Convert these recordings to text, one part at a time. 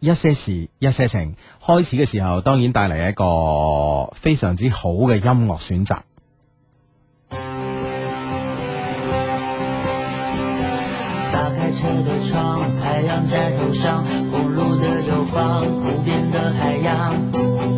一些事，一些情，開始嘅時候，當然帶嚟一個非常之好嘅音樂選擇。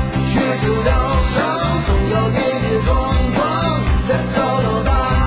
學着療傷，總要跌跌撞撞，才找到答案。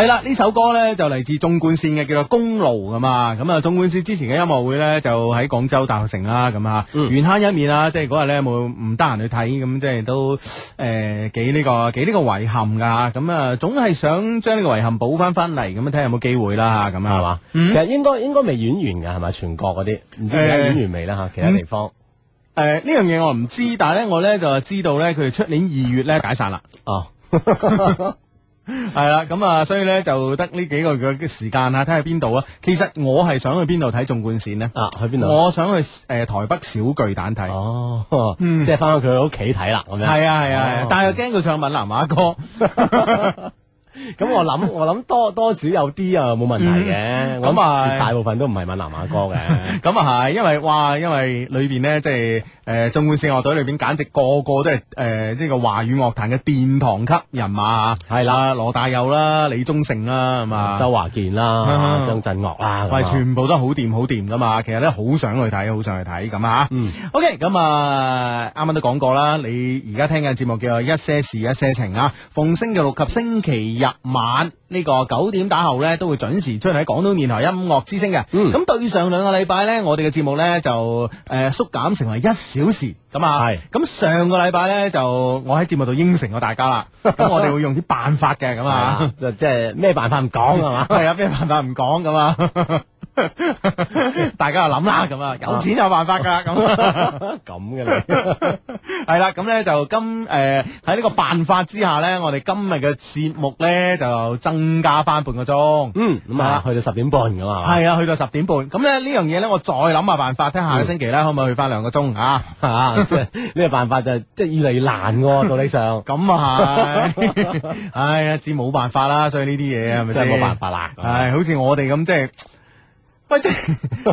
係啦，呢首歌咧就嚟自縱貫線嘅，叫做《公路》噶嘛。咁啊，縱貫線之前嘅音樂會咧就喺廣州大學城啦。咁啊，緣慳、um. 一面啦。即係嗰日咧冇唔得閒去睇，咁即係都誒幾呢個幾呢個遺憾噶。咁啊，總係想將呢個遺憾補翻翻嚟，咁啊睇下有冇機會啦。咁啊，係嘛、mm.？其實應該應該未演完噶，係咪？全國嗰啲唔知有演完未啦。吓，其他地方誒、呃，呢、嗯、樣嘢我唔知，但係咧我咧就知道咧，佢哋出年二月咧解散啦。哦、oh.。係啦，咁 啊，嗯、 所以咧就得呢幾個嘅時間啊，睇下邊度啊。其實我係想去邊度睇縱貫線咧？啊，去邊度？我想去誒、呃、台北小巨蛋睇。哦，嗯、即係翻去佢屋企睇啦，咁樣、嗯。係啊係啊，啊啊哦、但係又驚佢唱閩南話歌。嗯 咁 我諗 我諗多多少有啲呀冇問題嘅，咁啊大部分都唔係閩南話歌嘅，咁啊係，因為哇，因為裏邊呢，即係誒，縱貫線樂隊裏邊簡直個個都係誒呢個華語樂壇嘅殿堂級人馬啊，係啦，羅大佑啦，李宗盛啦，係嘛，周華健啦，張震、嗯、岳啦，係、嗯、全部都好掂好掂噶嘛，其實咧好想去睇，好想去睇咁啊，OK 咁啊啱啱都講過啦，你而家聽嘅節目叫做一些事一些情啊，逢星期六及星期日晚呢，這個九點打後呢，都會準時出現喺廣東電台音樂之聲嘅，咁、嗯、對上兩個禮拜呢，我哋嘅節目呢就誒縮減成為一小時咁啊，咁是上個禮拜呢，就我喺節目度應承過大家啦，咁 我哋會用啲辦法嘅，咁 啊就即係咩辦法唔講係嘛？係有咩辦法唔講咁啊？ 大家就諗啦，咁啊，有錢有辦法噶，咁咁嘅，係啦，咁咧就今誒喺呢個辦法之下咧，我哋今日嘅節目咧就增加翻半個鐘，嗯，咁啊，去到十點半噶嘛，係啊，去到十點半，咁咧呢樣嘢咧，我再諗下辦法，聽下個星期咧可唔可以去翻兩個鐘啊？啊，即係呢個辦法就即係越嚟越難喎，道理上，咁啊係，哎呀，只冇辦法啦，所以呢啲嘢啊，係咪真係冇辦法啦？係，好似我哋咁即係。喂、啊，即係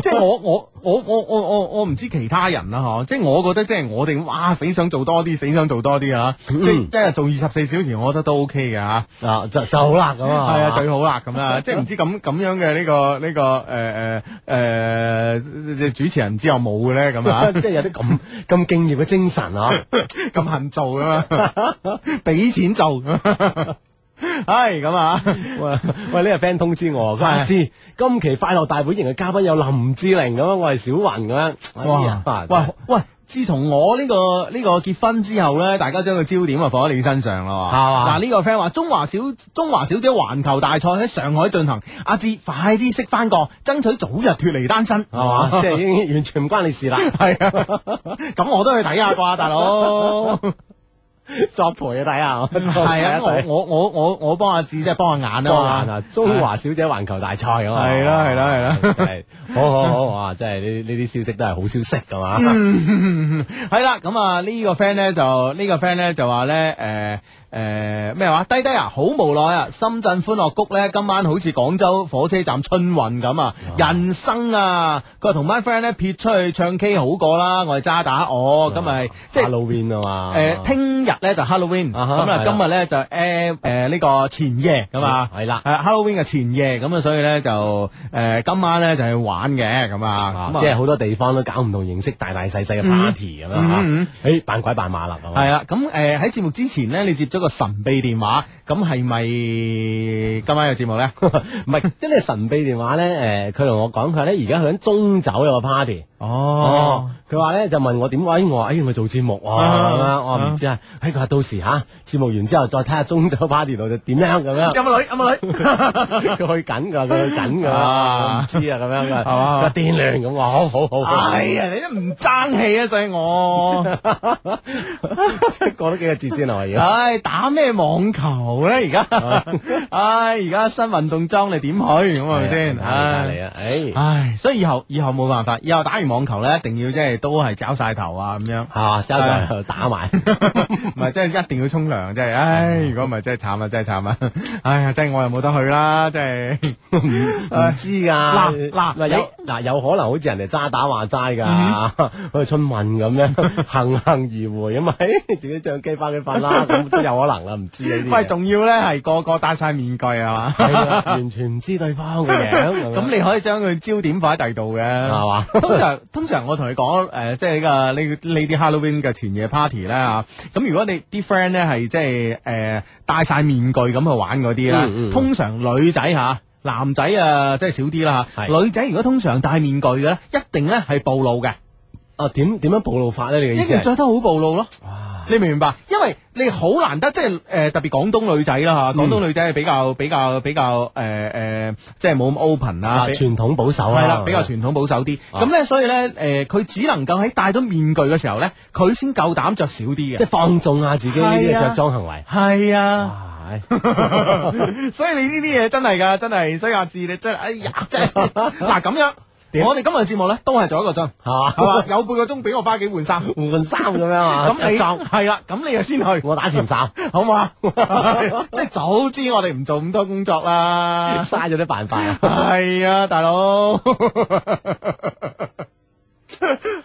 即係 我我我我我我我唔知其他人啦、啊、嗬，即係我覺得即係我哋哇，死想做多啲，死想做多啲吓、啊嗯，即係做二十四小時，我覺得都 OK 嘅吓、啊。啊，就就好啦咁啊，係 啊，最好啦咁啦， 即係唔知咁咁樣嘅呢、這個呢、這個誒誒誒主持人唔知有冇嘅咧咁啊， 即係有啲咁咁敬業嘅精神嗬，咁肯做啊，俾錢做。係咁啊！喂呢個 friend 通知我，阿知今期快樂大本營嘅嘉賓有林志玲咁，我係小雲咁樣。哇！喂喂，自從我呢個呢個結婚之後呢，大家將個焦點啊放喺你身上咯。係嘛？嗱，呢個 friend 話中華小中華小姐環球大賽喺上海進行，阿志快啲識翻個，爭取早日脫離單身。係嘛？即係已經完全唔關你事啦。係啊，咁我都去睇下啩，大佬。作陪啊！睇下，係啊！我我我我幫阿字，即係幫阿眼啊嘛！中華小姐環球大賽啊嘛！係啦係啦係啦，係好好好啊！真係呢呢啲消息都係好消息噶嘛！係啦、 嗯，咁 啊呢、呢個 friend 咧就呢個 friend 咧就話咧誒。呃誒咩話？低低啊，好無奈啊！深圳歡樂谷咧，今晚好似廣州火車站春運咁啊！人生啊，佢話同班 friend 咧撇出去唱 K 好過啦，我哋渣打我咁咪即係 Halloween 啊嘛！誒，聽日咧就 Halloween，咁啊，今日咧就誒誒呢個前夜咁啊，係啦，Halloween 嘅前夜咁啊，所以咧就誒今晚咧就去玩嘅咁啊，即係好多地方都搞唔同形式，大大細細嘅 party 咁樣吓，誒扮鬼扮馬啦係啊！咁誒喺節目之前咧，你接一個神秘電話，咁係咪今晚有節目咧？唔 係，即係神秘電話咧。誒、呃，佢同我講佢話咧，而家響中酒有個 party。哦，佢話咧就問我點解？我話：哎，我哎做節目，我唔知啊。佢話、啊啊哎、到時吓，節、啊、目完之後再睇下中酒 party 度點樣咁樣。啊、樣有冇女？有冇女？佢 去緊噶，佢去緊噶。唔知啊，咁、啊啊、樣噶，掂量咁話，好好好。 哎呀，你都唔爭氣啊，所以我過咗 幾個字先係而家？ 哎打咩網球咧而家？唉，而家新運動裝你點去咁咪先，嚟啊！唉，所以以後以後冇辦法，以後打完網球咧，一定要即係都係找晒頭啊咁樣，係嘛？抓晒打埋，唔係即係一定要沖涼，即係唉！如果唔係真係慘啊，真係慘啊！唉，即係我又冇得去啦，即係唔知噶。嗱嗱嗱有嗱有可能好似人哋渣打話齋噶，好似春文咁樣幸幸而回啊？咪自己相機翻去瞓啦咁都有。可能啦，唔知啊啲。唔係仲要咧，係個個戴晒面具啊嘛，完全唔知對方嘅樣。咁 的你可以將佢焦點放喺第度嘅，係嘛吧？通常通常我同你講誒，即係呢個呢呢啲 Halloween 嘅前夜 party 咧、呃、嚇。咁、呃、如果你啲 friend 咧係即係誒戴晒面具咁去玩嗰啲咧，嗯嗯、通常女仔吓、呃，男仔啊、呃，即係少啲啦嚇。呃、是女仔如果通常戴面具嘅咧，一定咧係暴露嘅。啊，點點樣，樣暴露法咧？你嘅意思著得好暴露咯。你明唔明白？因為你好難得，即係誒特別廣東女仔啦嚇，廣東女仔係比較、嗯、比較比較誒誒、呃呃，即係冇咁 open 啦、啊，傳統保守啊，啦比、啊嗯，比較傳統保守啲。咁咧、啊，所以咧誒，佢、呃、只能夠喺戴咗面具嘅時候咧，佢先夠膽着少啲嘅，即係放縱下自己嘅、啊啊、着裝行為。係啊，所以你呢啲嘢真係噶，真係所以阿志，你真係，哎呀，真係嗱咁樣。 我哋今日節目咧，都係做一個鐘，係 有半個鐘俾我花幾換衫，換衫咁樣啊你？咁撞你係啦，咁你就先去，我打前哨，好唔好？ 即係早知我哋唔做咁多工作啦，嘥咗啲辦法。係啊、哎，大佬，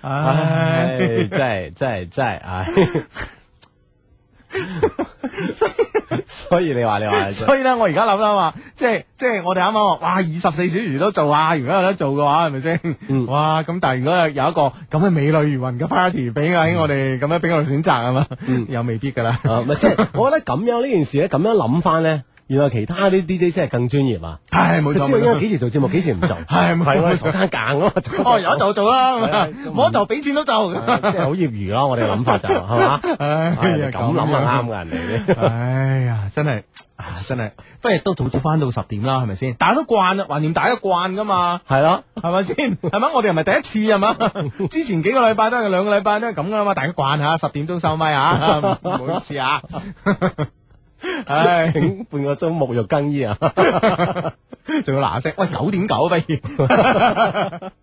唉、 哎，真係真係真係。哎 所以 所以你話你話， 所以咧我而家諗啦嘛，即係即係我哋啱啱話，哇，二十四小時都做啊，如果有得做嘅話，係咪先？嗯、哇咁，但係如果有一個咁嘅美女如雲嘅 party，俾阿、嗯、我哋咁樣俾我哋選擇啊嘛，又、嗯、 未必噶啦。即係、 啊，即係、我覺得咁樣呢 件事咧，咁樣諗翻咧。原來其他啲 DJ 先係更專業啊！係冇錯。至於我幾時做節目，幾時唔做，係做咪傻間揀咯。哦，有得就做啦，冇得就俾錢都做。即係好業餘咯，我哋諗法就係嘛。唉，咁諗啊啱人哋。哎呀，真係，真係，不如都早早翻到十點啦，係咪先？大家都慣啦，橫掂大家慣噶嘛，係咯，係咪先？係咪？我哋又唔係第一次，係嘛，之前幾個禮拜都係兩個禮拜都係咁噶嘛，大家慣下，十點鐘收咪啊，唔好意思啊。唉，整、哎、半個鐘沐浴更衣啊，仲 要嗱聲，喂，九點九啊不如。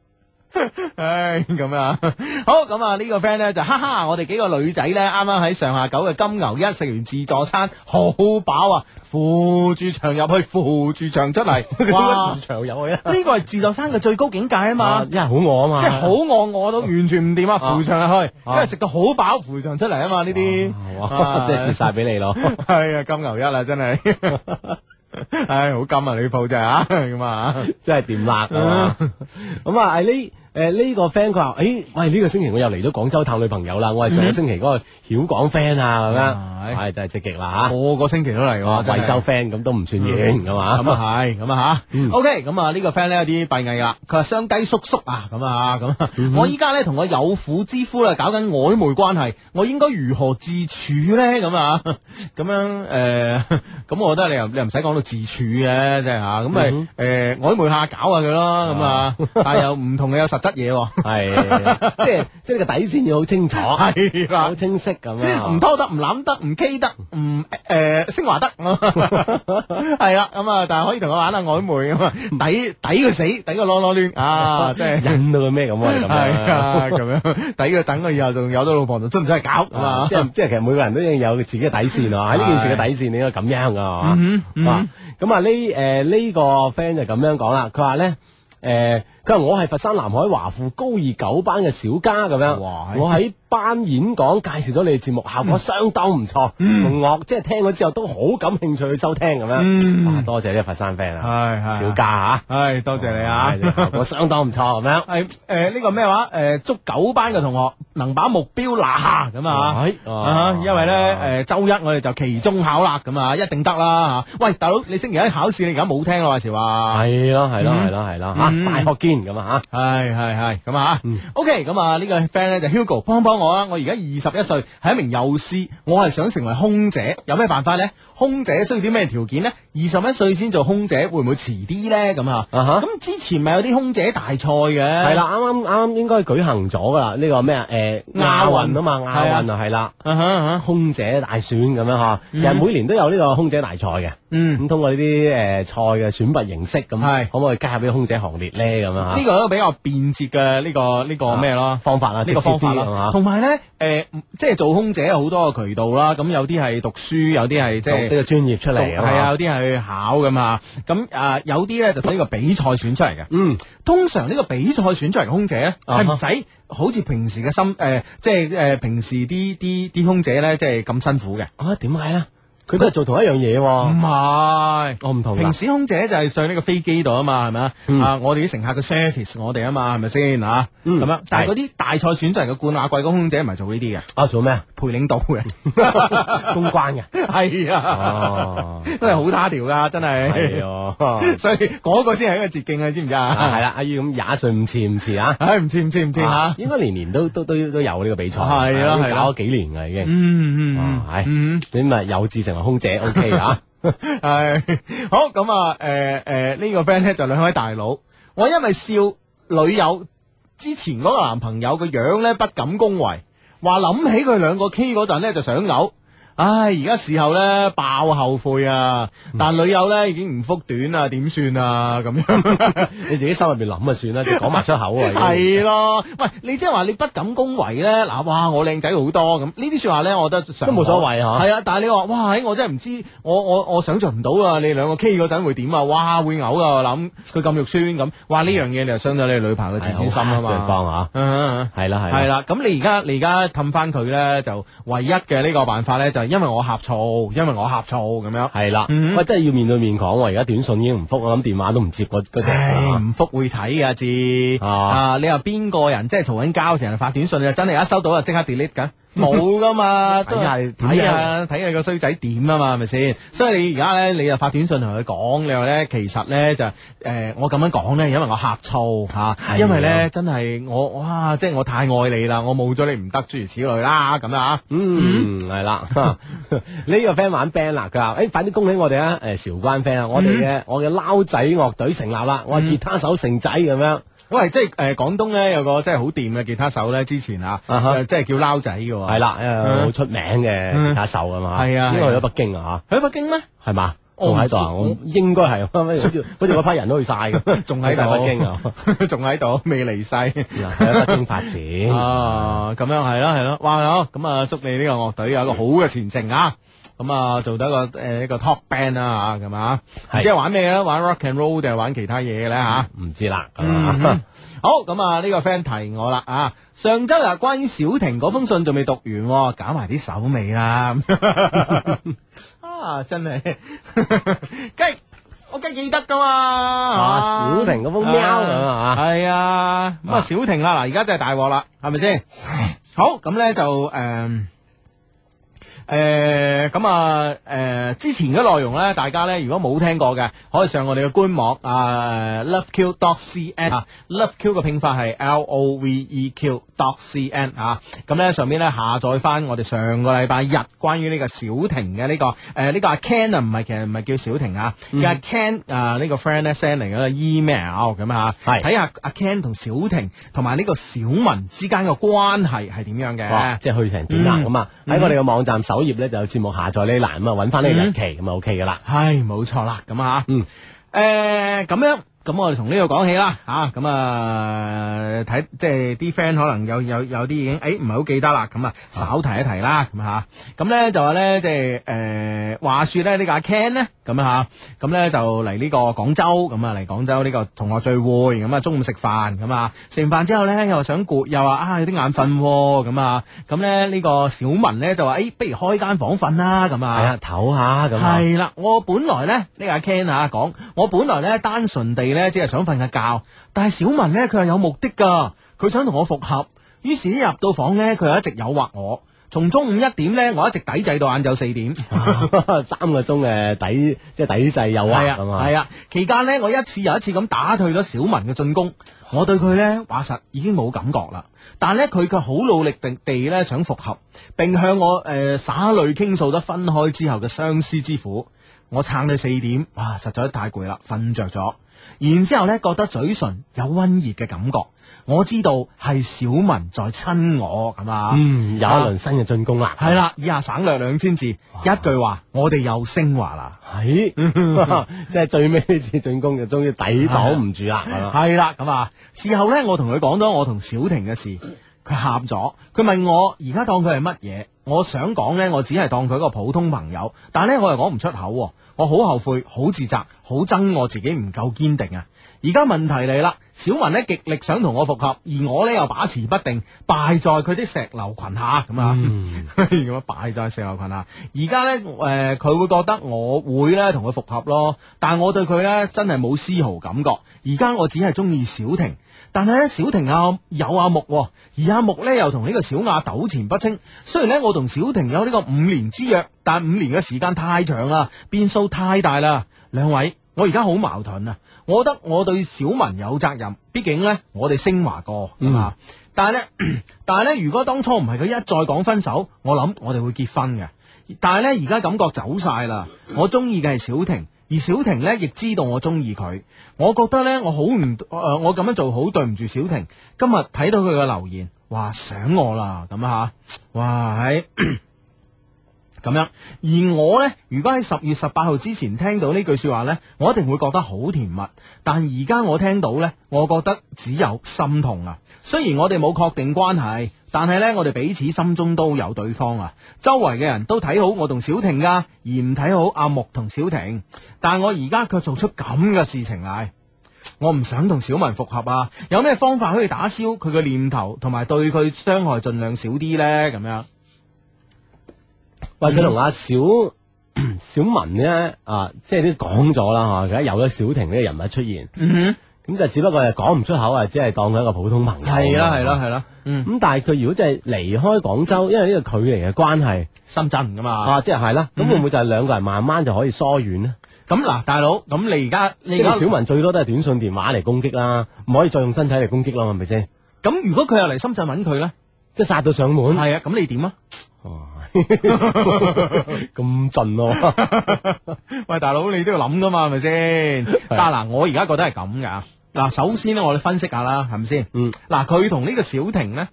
唉，咁、 哎、啊，好咁啊，這個、呢個 friend 咧就哈哈，我哋幾個女仔咧，啱啱喺上下九嘅金牛一食完自助餐，好飽啊，扶住牆入去，扶住牆出嚟，哇，牆入去啊，呢個係自助餐嘅最高境界啊嘛，因為、啊啊、好餓啊嘛，即係好餓餓到完全唔掂啊，扶牆入去，因為、啊、食到好飽扶牆出嚟啊嘛，呢啲，啊、即係蝕晒俾你咯，係啊、哎，金牛一啦，真係，唉、哎哎，好金啊，你鋪就啊，咁、嗯、啊，真係掂辣啊，咁啊，喺呢。誒，呢、呃這個 friend 佢話，誒、欸，喂，呢、這個星期我又嚟咗廣州探女朋友啦，我係上個星期嗰個曉港 friend 啊，咁、嗯、樣，係是真係積極啦吓，個個星期都嚟，貴州 friend，咁都唔算遠噶嘛，咁啊係，咁啊吓，OK，咁啊呢個 friend 咧有啲閉翳啦，佢話雙雞叔叔啊，咁啊，咁、啊嗯、我依家咧同我有婦之夫啦搞緊曖昧關係，我應該如何自處咧？咁啊，咁樣誒，咁、呃、我覺得你又你唔使講到自處嘅，即係吓，咁咪誒曖昧下搞下佢咯，咁啊，啊，但係又唔同嘅有實。執嘢喎，係即係即係個底線要好清楚，係好清晰咁啊，唔拖得，唔攬得，唔 K 得，唔誒升華得，係啦咁啊！但係可以同佢玩下曖昧啊嘛！抵抵佢死，抵個攞攞亂啊！即係引到佢咩咁啊。係啊，咁樣抵佢等佢以後仲有咗老婆就出唔出嚟搞啊嘛！即係即係其實每個人都有自己嘅底線啊！喺呢件事嘅底線你應該咁樣噶嘛？啊咁啊呢誒呢個 friend 就咁樣講啦，佢話咧誒。佢話我係佛山南海華富高二九班嘅小嘉咁樣，我喺班演講介紹咗你哋節目，效果相當唔錯，同學即係聽咗之後都好感興趣去收聽咁樣。多謝呢個佛山 friend 啊，小嘉嚇，係多謝你啊，我相當唔錯咁樣。誒誒呢個咩話？誒祝九班嘅同學能把目標拿下咁啊，因為咧誒週一我哋就期中考啦，咁啊一定得啦嚇。喂，大佬你星期一考試你而家冇聽喎，話時話。係囉係囉係囉係囉嚇，大學結。咁 啊吓，係係係咁啊吓，OK，咁啊呢個 friend 咧就 Hugo，幫幫我啦，我而家二十一歲，係一名幼師，我係想成為空姐，有咩辦法咧？空姐需要啲咩條件呢？二十一歲先做空姐會唔會遲啲呢？咁啊，咁之前咪有啲空姐大賽嘅，係啦，啱啱啱啱應該舉行咗噶啦。呢個咩啊？誒，亞運啊嘛，亞運啊係啦，啊空姐大選咁樣嗬，每年都有呢個空姐大賽嘅，嗯，咁通過呢啲誒賽嘅選拔形式咁，係可唔可以加入呢個空姐行列咧？咁樣呢個都比較便捷嘅呢個呢個咩咯？方法啊，呢個方法同埋咧，誒，即係做空姐有好多嘅渠道啦。咁有啲係讀書，有啲係即係。呢個專業出嚟啊，係啊，有啲係去考㗎嘛，咁誒、呃、有啲咧就畀呢個比賽選出嚟嘅。嗯，通常呢個比賽選出嚟嘅空姐咧，係唔使好似平時嘅心誒、呃，即係誒、呃、平時啲啲啲空姐咧，即係咁辛苦嘅。啊，點解咧？佢都係做同一樣嘢喎，唔係，我唔同。平時空姐就係上呢個飛機度啊嘛，係咪啊？啊，我哋啲乘客嘅 service 我哋啊嘛，係咪先啊？咁樣，但係嗰啲大賽選出人嘅冠亞季軍空姐唔係做呢啲嘅，啊，做咩啊？陪領導嘅，公關嘅，係啊，哦，都係好他條㗎，真係，所以嗰個先係一個捷徑啊，知唔知啊？係啦，阿姨咁廿歲唔遲唔遲啊，唉，唔遲唔遲唔遲嚇，應該年年都都都都有呢個比賽，係咯，係搞咗幾年啊已經，嗯嗯，你咪有志成。空姐 OK 啊，係 好咁啊，誒誒呢個 friend 咧，就兩位大佬，我因為笑女友之前個男朋友個樣咧，不敢恭維，話諗起佢兩個 K 嗰陣咧就想嘔。唉，而家事後咧，爆後悔啊！但女友咧已經唔覆短啊，點算啊？咁樣你自己心入邊諗啊，算啦，講埋出口啊。係咯，喂，你即係話你不敢恭維咧，嗱，哇，我靚仔好多咁，呢啲說話咧，我覺得都冇所謂嗬。係啊，但係你話，哇，我真係唔知，我我我想象唔到啊，你兩個 K 嗰陣會點啊？哇，會嘔啊。我諗，佢咁肉酸咁，哇，呢樣嘢你就傷咗你女朋友嘅自尊心啊嘛。對方啊，係啦係啦，係啦，咁你而家你而家氹翻佢咧，就唯一嘅呢個辦法咧就。因為我呷醋，因為我呷醋咁樣。係啦了，嗯、哼喂，真係要面對面講喎。而家短信已經唔覆，我諗電話都唔接嗰隻。唔覆唉、啊、會睇嘅字啊！你話邊個人即係嘈緊交成日發短信，又真係一收到就即刻 delete 㗎？冇噶嘛，都係睇下睇下睇下個衰仔點啊嘛，係咪先？所以你而家咧，你又發短信同佢講，你話咧其實咧就誒、呃，我咁樣講咧，因為我呷醋吓，啊、的因為咧真係我哇，即係我太愛你啦，我冇咗你唔得，諸如此類啦，咁啊，嗯係啦。呢個 friend 玩 band 啦，佢話誒，快啲恭喜我哋，呃、啊！誒，韶關 friend 啊，我哋嘅我嘅撈仔樂，樂隊成立啦，我係吉他手成仔咁樣。喂，即係誒、呃、廣東咧有個即係好掂嘅吉他手咧，之前啊，uh huh. 呃、即係叫撈仔嘅喎，係啦，好出名嘅吉他手啊嘛，係、嗯、啊，啊因為去咗北京啊嚇，去咗、啊啊、北京咩、啊？係嘛？仲喺度啊！我應該係，好似嗰批人都去晒，咁，仲喺北京啊！仲喺度，未離世，喺北京發展啊！咁樣係咯，係咯，哇！好，咁啊，祝你呢個樂隊有個好嘅前程啊！咁啊，做到一個誒一個 top band 啦嚇，係嘛？即係玩咩咧？玩 rock and roll 定係玩其他嘢嘅咧吓，唔知啦，好咁啊！呢個 friend 提我啦啊！上周啊，關於小婷嗰封信仲未讀完，搞埋啲手尾啦。啊！真係，梗 係我梗記得噶嘛。啊，小婷嗰幅喵咁啊，係啊。咁啊，小婷啦，嗱，而家真係大鑊啦，係咪先？好，咁咧就誒誒，咁啊誒，之前嘅內容咧，大家咧如果冇聽過嘅，可以上我哋嘅官網啊、呃、，loveq.cn，loveq 嘅拼法係 l o v e q。d c n 啊，咁咧上邊咧下載翻我哋上個禮拜日關於呢個小婷嘅呢個誒呢、呃呢個阿 Ken 啊，唔係，其實唔係叫小婷啊，嗯、叫阿 Ken 啊、呃、呢、呢個 friend 咧 send 嚟嘅 email 咁啊，係睇是下阿 Ken 同小婷同埋呢個小文之間嘅關係係點樣嘅，即係去成點啊咁啊！喺我哋嘅網站首頁咧就有節目下載呢欄咁啊，揾翻呢個日期咁啊 OK 噶啦，係冇、嗯、錯啦，咁啊嚇，嗯誒咁、嗯、樣、啊。咁我、啊、就從呢度講起啦，吓咁啊睇，即係啲 friend 可能有有有啲已經誒唔係好記得啦，咁啊稍提一提啦，咁吓咁咧就話咧即係誒，話說咧呢個阿 Ken 咧、啊，咁啊嚇咁咧就嚟呢個廣州，咁啊嚟廣州呢個同學聚會咁啊中午食飯咁啊食完飯之後咧又話想攰，又話啊有啲眼瞓喎，咁啊咁咧呢個小文咧就話、是、誒不如開間房瞓啦，咁啊係啊唞下咁，係啦，我本來咧呢個阿 Ken 吓講我本來咧單純地咧。咧即係想瞓下覺，但係小文呢，佢係有目的噶，佢想同我復合。於是一入到房呢，佢又一直誘惑我。從中午一點呢，我一直抵制到晏晝四點，啊、 三個鐘嘅抵即係、就是、抵制誘惑啊！係啊，期間呢，我一次又一次咁打退咗小文嘅進攻。我對佢呢，話實已經冇感覺啦，但係呢佢卻好努力地地呢想復合，並向我誒灑淚傾訴咗分開之後嘅相思之苦。我撐到四點，哇，實在太攰啦，瞓着咗。然之後咧，覺得嘴唇有溫熱嘅感覺，我知道係小文在親我，係嘛？嗯，有一輪新嘅進攻啦。係啦，以下省略兩千字，哇一句話，我哋又升華啦。係，即係最尾呢次進攻就終於，就終於抵擋唔住啦。係啦吧，咁啊，事 後呢，我同佢講咗我同小婷嘅事，佢喊咗，佢問我而家當佢係乜嘢？我想講呢，我只係當佢一個普通朋友，但係呢我又講唔出口，我好後悔、好自責、好憎我自己唔夠堅定啊！而家問題嚟啦，小雲呢極力想同我復合，而我呢又把持不定，敗在佢啲石榴裙下咁啊！咁啊，敗、嗯、 在石榴裙下。而家呢，誒、呃，佢會覺得我會呢同佢復合咯，但係我對佢呢真係冇絲毫感覺。而家我只係中意小婷。但係咧，小婷啊有阿木，而阿木咧又同呢個小雅糾纏不清。雖然咧，我同小婷有呢個五年之約，但五年嘅時間太長啦，變數太大啦。兩位，我而家好矛盾啊！我覺得我對小文有責任，畢竟呢，我哋升華過吓。但係咧，但係咧，如果當初唔係佢一再講分手，我諗我哋會結婚嘅。但係咧，而家感覺走晒啦，我中意嘅係小婷。而小婷呢，亦知道我中意佢，我覺得呢，我好唔誒、呃，我咁樣做好對唔住小婷。今日睇到佢嘅留言，話想我啦咁啊吓，哇、哎、咁樣。而我呢，如果喺十月十八號之前聽到呢句說話呢，我一定會覺得好甜蜜。但而家我聽到呢，我覺得只有心痛啊。雖然我哋冇確定關係。但係呢，我哋彼此心中都有對方啊！周圍嘅人都睇好我同小婷噶、啊，而唔睇好阿木同小婷。但我而家卻做出咁嘅事情嚟，我唔想同小文復合啊！有咩方法可以打消佢嘅念頭，同埋對佢傷害盡量少啲呢？咁樣？嗯、喂，佢同阿小小文呢？啊，即係都講咗啦吓，而家有咗小婷呢個人物出現。嗯哼。咁就只不過係講唔出口啊，只係當佢一個普通朋友。係啦，係啦，係啦。嗯。咁但係佢如果真係離開廣州，因為呢個距離嘅關係，深圳噶嘛。啊，即係係啦。咁會唔會就係兩個人慢慢就可以疏遠咧？咁嗱，大佬，咁你而家，即係小民最多都係短信、電話嚟攻擊啦，唔可以再用身體嚟攻擊啦，係咪先？咁如果佢又嚟深圳揾佢咧，即係殺到上門。係啊，咁你點啊？咁盡咯。喂，大佬，你都要諗噶嘛，係咪先？嗱，嗱，我而家覺得係咁噶。嗱，首先咧，我哋分析下啦，係咪先？嗯，嗱，佢同呢個小婷咧，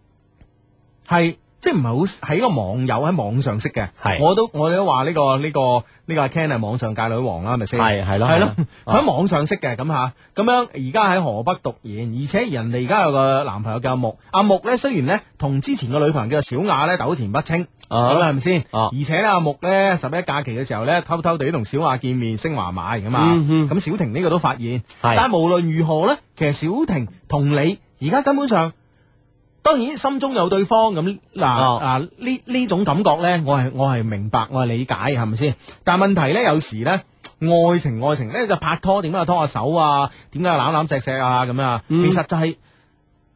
係即係唔係好係一個網友喺網上識嘅係，我都我哋都話呢個呢個呢個阿 Ken 係網上界女王啦，係咪先？係係咯係咯，佢喺網上識嘅，咁吓、啊，咁樣而家喺河北讀研，而且人哋而家有個男朋友叫阿木，阿木咧雖然咧同之前個女朋友叫小雅咧糾纏不清。咁係咪先？而且阿木呢，十一假期嘅時候呢，偷偷地同小華見面，升華埋㗎嘛。咁小婷呢個都發現。但係無論如何呢，其實小婷同你而家根本上，當然心中有對方咁，嗱啊呢呢種感覺呢，我係我係明白，我係理解，係咪先？但問題呢，有時呢，愛情愛情呢，就拍拖，點解要拖下手啊？點解要攬攬錫錫啊？咁樣啊？其實就係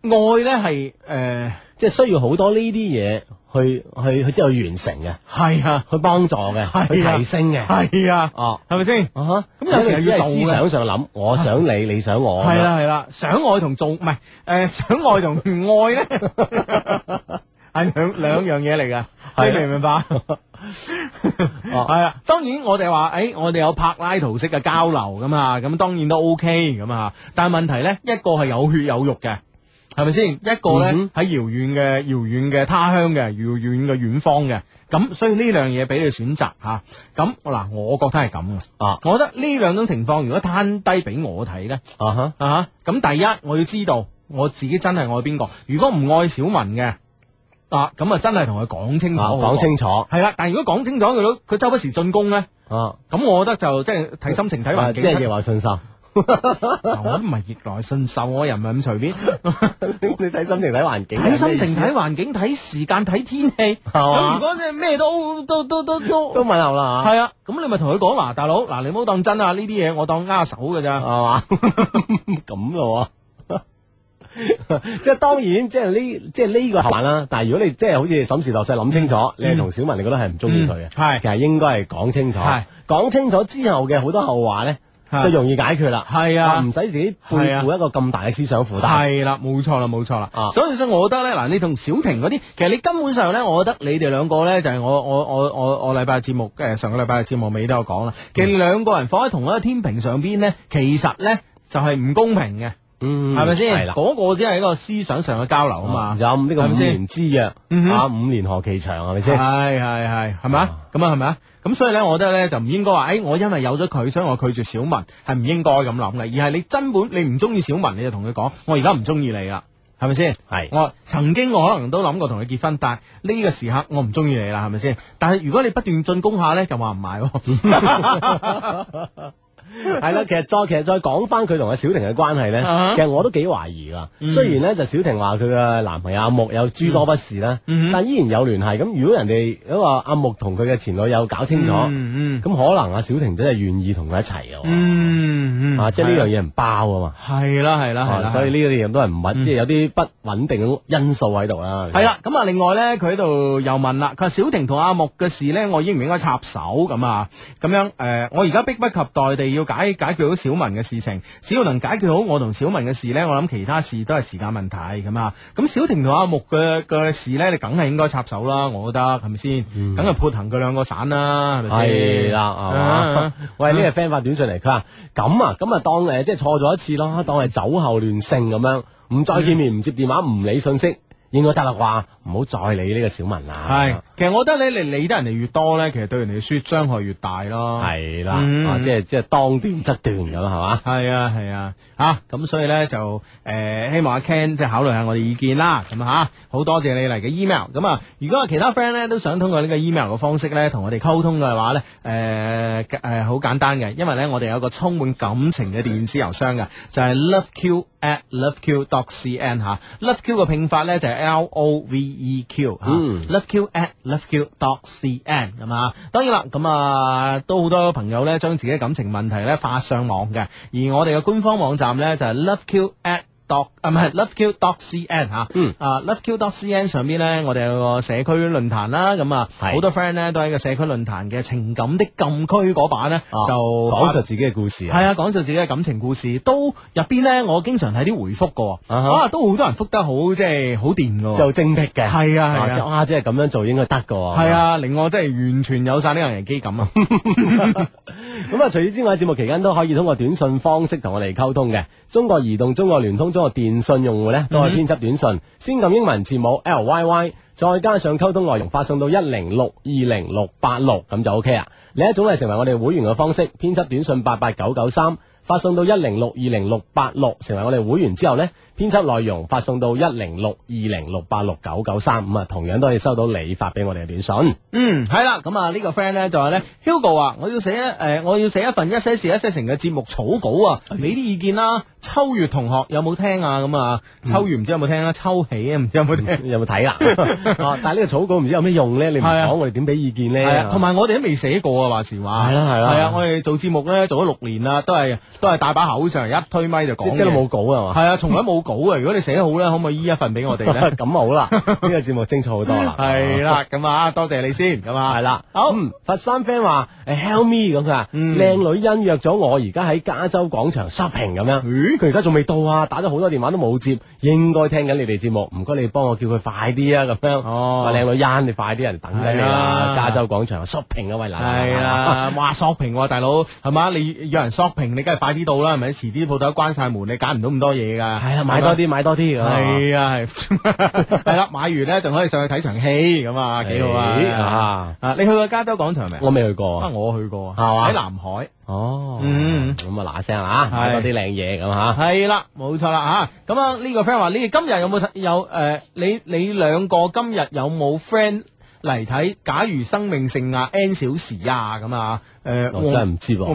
愛呢係誒，即係需要好多呢啲嘢。去去去，即係去完成嘅，係啊，去幫助嘅，去提升嘅，係啊，哦，係咪先？咁有時要思想上諗，我想你，你想我，係啦，係啦，想愛同做，唔係誒，想愛同唔愛咧，係兩兩樣嘢嚟噶明唔明白？係啊，當然我哋話誒，我哋有柏拉圖式嘅交流咁啊，咁當然都 OK 咁啊，但係問題咧，一個係有血有肉嘅。係咪先？一個咧喺遙遠嘅遙遠嘅他鄉嘅遙遠嘅遠方嘅，咁所以呢樣嘢俾你選擇吓。咁、啊、嗱，我覺得係咁嘅。啊，我覺得呢兩種情況如果攤低俾我睇咧，啊咁哈、啊、第一，我要知道我自己真係愛邊個。如果唔愛小文嘅，啊咁啊真係同佢講清楚，講清楚。係啦，但係如果講清楚佢周不時進攻咧，啊咁，啊我覺得就即係睇心情睇環境。啊、即係話信心。是是我唔係熱來信受，我又唔係咁隨便。 你睇心情睇環境，睇 心情睇環境睇時間睇天氣。咁吧如果你咩都都都都都都問候啦，係啊？咁你咪同佢講啦，大佬嗱，你唔好當真啊！呢啲嘢我當握手嘅啫，係嘛是吧？咁 咯的， 即係當然，即係呢，即係呢、這個答啦。 但係如果你即係好似審時度勢諗清楚，嗯、你係同小文你覺得係唔中意佢嘅，係、嗯、其實應該係講清楚，講是清楚之後嘅好多後話咧。就容易解決啦，係啊，唔使自己背負一個咁大嘅思想負擔。係啦、啊，冇錯啦，冇錯啦。啊、所以所以，我覺得咧，嗱，你同小婷嗰啲，其實你根本上咧，我覺得你哋兩個咧，就係、係、我我我我我禮拜嘅節目，誒、呃、上個禮拜嘅節目尾都有講啦。其實兩個人放喺同一個天平上邊咧，其實咧就係、係、唔公平嘅。嗯，係咪先？嗰的個只係一個思想上嘅交流啊嘛。嗯、有，呢個五年之約，啊、嗯哼，五年何其長，係咪先？係係係，係咪咁啊，係咪啊？咁所以咧，我覺得咧，就唔應該話，誒、欸，我因為有咗佢，所以我拒絕小文，係唔應該咁諗嘅。而係你根本你唔中意小文，你就同佢講，我而家唔中意你啦，係咪先？係的，我曾經我可能都諗過同佢結婚，但係呢個時刻我唔中意你啦，係咪先？但係如果你不斷進攻下咧，就話唔埋哦。 係啦，其實再其實再講翻佢同阿小婷嘅關係咧，其實我都幾懷疑噶。雖然咧就小婷話佢嘅男朋友阿木有諸多不是啦，但依然有聯繫。咁如果人哋如果阿木同佢嘅前女友搞清楚，咁可能阿小婷真係願意同佢一齊嘅。嗯啊，即係呢樣嘢唔包啊嘛。係啦係啦係啦，所以呢樣嘢都係唔穩，即係有啲不穩定因素喺度啦。係啦，咁啊，另外咧，佢喺度又問啦，佢話小婷同阿木嘅事咧，我應唔應該插手咁啊？咁樣誒，我而家迫不及待地要。要解解決好小文嘅事情，只要能解決好我同小文嘅事呢，我諗其他事都係時間問題咁啊！咁小婷同阿木嘅嘅事呢，你梗係應該插手啦，我覺得係咪先？梗係潑行佢兩個散啦，係咪先？係啦，係嘛？喂，呢個 friend 發短信嚟，佢話：咁啊，咁啊、呃，當誒即係錯咗一次咯，當係酒後亂性咁樣，唔再見面，唔、嗯、接電話，唔理信息。應該得啦啩，唔好再理呢個小文啦。係，其實我覺得咧，你理得人哋越多咧，其實對人哋嘅書傷害越大咯。係啦的，嗯、即係即係當斷則斷咁，係嘛。係啊，係啊，吓咁所以咧就誒、呃、希望阿 Ken 即係考慮下我哋意見啦，咁吓好多謝你嚟嘅 email。咁啊，如果有其他 friend 咧都想通過呢個 email 嘅方式咧同我哋溝通嘅話咧，誒誒好簡單嘅，因為咧我哋有一個充滿感情嘅電子郵箱嘅，就係、是、loveq@loveq.cn 吓、啊。loveq 嘅拼法咧就係、是。L O V E Q，at、嗯、Love Q dot cn 咁啊，當然啦，咁啊都好多朋友咧將自己嘅感情問題咧發上網嘅，而我哋嘅官方網站咧就係、是、Love Q at dot。C N. 啊，唔係 LoveQ.CN 嚇，啊 LoveQ.CN 上邊咧，我哋有個社區論壇啦，咁啊好多 friend 咧都喺個社區論壇嘅情感的禁區嗰版咧，就講述自己嘅故事。係啊，講述自己嘅感情故事，都入邊咧，我經常睇啲回覆個，啊都好多人覆得好，即係好掂㗎。就精辟嘅，係啊，啊，即係咁樣做應該得㗎。係啊，令我真係完全有晒呢個人機感啊。咁啊，除此之外，節目期間都可以通過短信方式同我哋溝通嘅。中國移動、中國聯通、中國電電信用戶咧都係編輯短信，嗯嗯，先撳英文字母 L Y Y，再加上溝通內容，發送到一零六二零六八六，咁就 OK 啦。另一種係成為我哋會員嘅方式，編輯短信八八九九三，發送到一零六二零六八六，成為我哋會員之後咧。編輯內容發送到一零六二零六八六九九三五，咁啊同樣都可以收到你發俾我哋嘅短信。嗯，係啦，咁啊呢個 friend 咧就話咧，Hugo 啊，我要寫誒，我要寫一份一些事一些情嘅節目草稿啊，你啲意見啦。秋月同學有冇聽啊？咁啊，秋月唔知有冇聽啊，秋喜唔知有冇有冇睇啊。但係呢個草稿唔知有咩用咧？你唔講我哋點俾意見咧？同埋我哋都未寫過啊，話時話係啊係啊，係啊，我哋做節目咧做咗六年啦，都係都係大把口上一推咪就講，即係冇稿啊嘛？係啊，從來冇。好啊！如果你寫得好咧，可唔可以依一份俾我哋咧？咁好啦，呢個節目精彩好多啦。係啦，咁啊多謝你先，咁啊係啦。好，佛山 friend 話，誒，help me 咁佢啊，靚女欣約咗我而家喺加州廣場 shopping 咁樣。佢而家仲未到啊，打咗好多電話都冇接，應該聽緊你哋節目。唔該，你幫我叫佢快啲啊，咁樣。哦，靚女欣，你快啲人等緊你啦，加州廣場 shopping 啊，喂，嗱，係啦，話 shopping 喎，大佬係嘛？你約人 shopping，你梗係快啲到啦，係咪？遲啲鋪頭關晒門，你揀唔到咁多嘢噶。係啊。買多啲，買多啲，係啊，係，係啦，買完咧仲可以上去睇場戲，咁啊，幾好啊，啊，你去過加州廣場未？我未去過，啊，我去過，係嘛？喺南海，哦，嗯，咁啊，嗱聲啊，買多啲靚嘢，咁吓，係啦，冇錯啦，吓，咁啊，呢個 friend 話你哋今日有冇睇？有誒，你你兩個今日有冇 friend 嚟睇？假如生命剩啊 n 小時啊，咁啊，誒，我真係唔知喎，我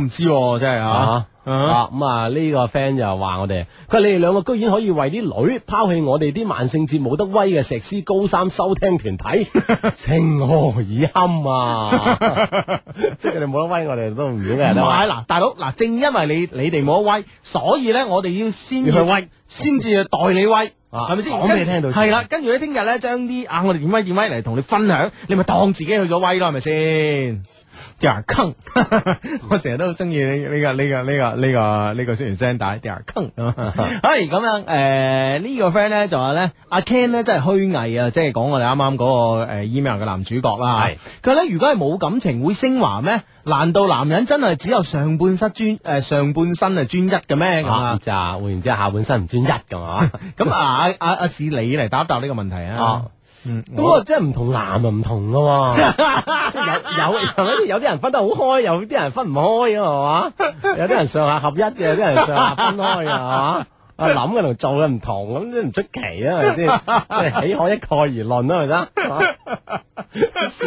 唔知真係啊。啊咁、uh huh、啊！呢、嗯這個 friend 就話我哋，佢話你哋兩個居然可以為啲女拋棄我哋啲萬聖節冇得威嘅石獅高三收聽團體， 情何以堪啊！ 即係佢哋冇得威，我哋都唔知嘅。係嗱、 嗯，大佬嗱，正因為你你哋冇得威，所以咧我哋要先去威，先至代你威，係咪先？講你聽到先。係啦，跟住咧，聽日咧，將啲啊，我哋點威點威嚟，同你分享，你咪當自己去咗威咯，係咪先？掉人坑，我成日都好中意呢呢個呢個呢個呢個呢個出完聲帶掉人坑咁咁樣誒，呢個 friend 咧就話咧阿 Ken 咧真係虛偽啊！即係講我哋啱啱嗰個誒 email 嘅男主角啦，係佢咧如果係冇感情會升華咩？難道男人真係只有上半身專誒、呃、上半身係專一嘅咩？咁即係換言之，下半身唔專一嘅嘛？咁 啊，阿阿阿志你嚟答一答呢個問題 啊？咁啊，即係唔同男又唔同噶， 有有係咪先？有啲人分得好開，有啲人分唔開㗎嘛， 有啲人上下合一嘅，有啲人上下分開啊 我諗嘅同做嘅唔同，咁都唔出奇啊，係咪先？你豈可一概而論啊，係咪先？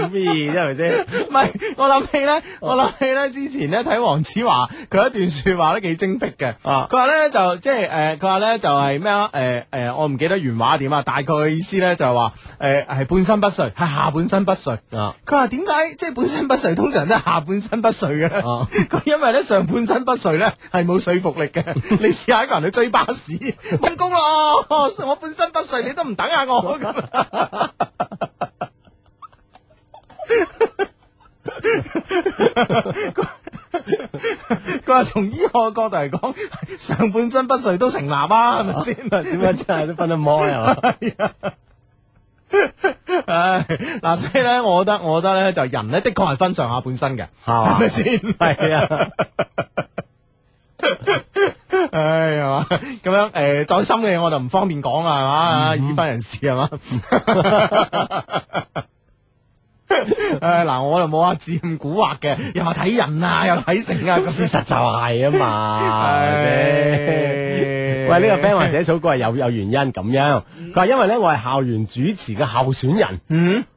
笑咩？ 嘢？真係咪先？唔係，我諗起咧， 我諗起咧，之前咧睇黃子華佢一段說話都幾精辟嘅。佢話咧就即係誒，佢話咧就係咩啊？誒誒、呃就是呃呃，我唔記得原話點啊，大概嘅意思咧就係話誒係半身不遂，係下半身不遂。佢話點解即係半身不遂通常都係下半身不遂嘅？佢、啊、 因為咧上半身不遂咧係冇說服力嘅。你試下一個人去追唔公咯，我半身不遂，你都唔等下我咁。佢話佢話，從醫學角度嚟講，上半身不遂都成立啊，係咪先？點解 真係都分得摩呀？唉、 啊，嗱、啊，所以咧，我覺得，我覺得咧，就人咧的確係分上下半身嘅，係咪先？係啊。唉，係嘛，咁樣？誒、呃，再深嘅嘢我就唔方便講啦，係嘛，已婚、嗯、人士係嘛。誒，嗱， 我又冇話占蠱惑嘅，又話睇人啊，又睇成啊，咁事實就係啊嘛。 唉喂，呢、這個 friend 話寫草稿係有有原因，咁樣，佢話、嗯、因為咧，我係校園主持嘅候選人。嗯。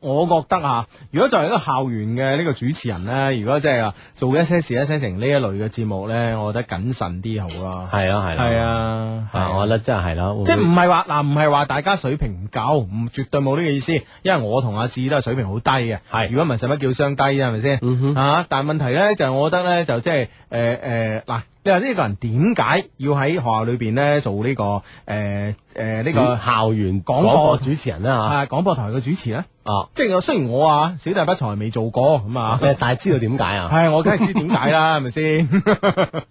我覺得吓，如果作為一個校園嘅呢個主持人咧，如果即係做一些事、一些情呢一類嘅節目咧，我覺得謹慎啲好咯。係咯，係 咯。係啊，我覺得真係係咯。即係唔係話嗱，唔係話大家水平唔夠，唔絕對冇呢個意思。因為我同阿志都係水平好低嘅。係的。如果唔係，使乜叫雙低啊？係咪先？吓，但係問題咧就係、是，我覺得咧就即係誒誒，嗱、呃呃，你話呢個人點解要喺學校裏邊咧做呢、這個誒？呃誒，呢、呃這個、嗯、校園廣播主持人啦、啊、吓，係廣播台嘅主持咧，啊，即係雖然我啊小弟不才未做過咁 啊，但係 知道點解啊？係我梗係知點解啦，係咪先？